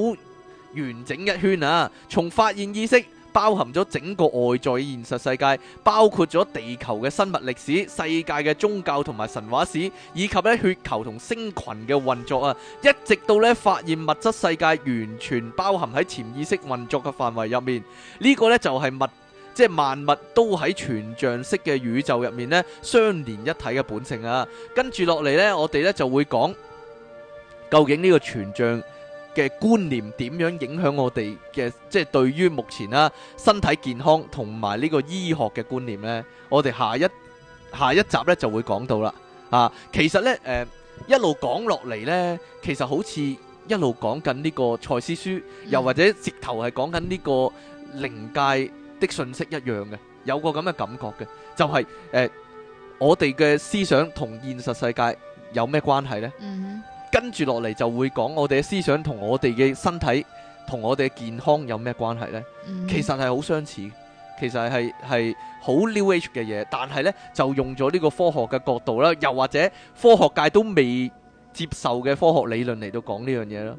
完整一圈啊！從發現意識包含咗整個外在現實世界，包括咗地球嘅生物歷史、世界嘅宗教同埋神話史，以及咧血球同星群嘅運作啊，一直到呢發現物質世界完全包含喺潛意識運作嘅範圍入面，呢、這個呢就係、是、物即係萬物都喺全像式嘅宇宙入面呢相連一體嘅本性啊！跟住落嚟呢，我哋呢就會講究竟呢個全像。嘅觀念點樣影響我哋嘅，即係對於目前啦身體健康同埋呢個醫學嘅觀念呢，我哋下一下一集呢就會講到啦。啊，其實呢，誒、呃、一路講落嚟呢，其實好似一路講緊呢個《賽斯書》mm，hmm. 又或者直頭係講緊呢個靈界的信息一樣嘅，有個咁嘅感覺嘅，就係、是、誒、呃、我哋嘅思想同現實世界有咩關係呢？嗯、mm。Hmm. 跟住落嚟就會講我哋嘅思想同我哋嘅身體同我哋嘅健康有咩關係呢？Mm hmm. 其實係好相似，其實係係好 new age 嘅嘢，但係呢，就用咗呢個科學嘅角度啦，又或者科學界都未接受嘅科學理論嚟到講呢樣嘢咯，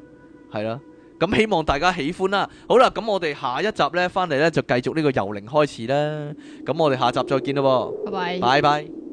係啦。咁希望大家喜歡啦。好啦，咁我哋下一集呢翻嚟呢，就繼續呢個由零開始啦。咁我哋下集再見咯。拜拜，拜拜。Bye.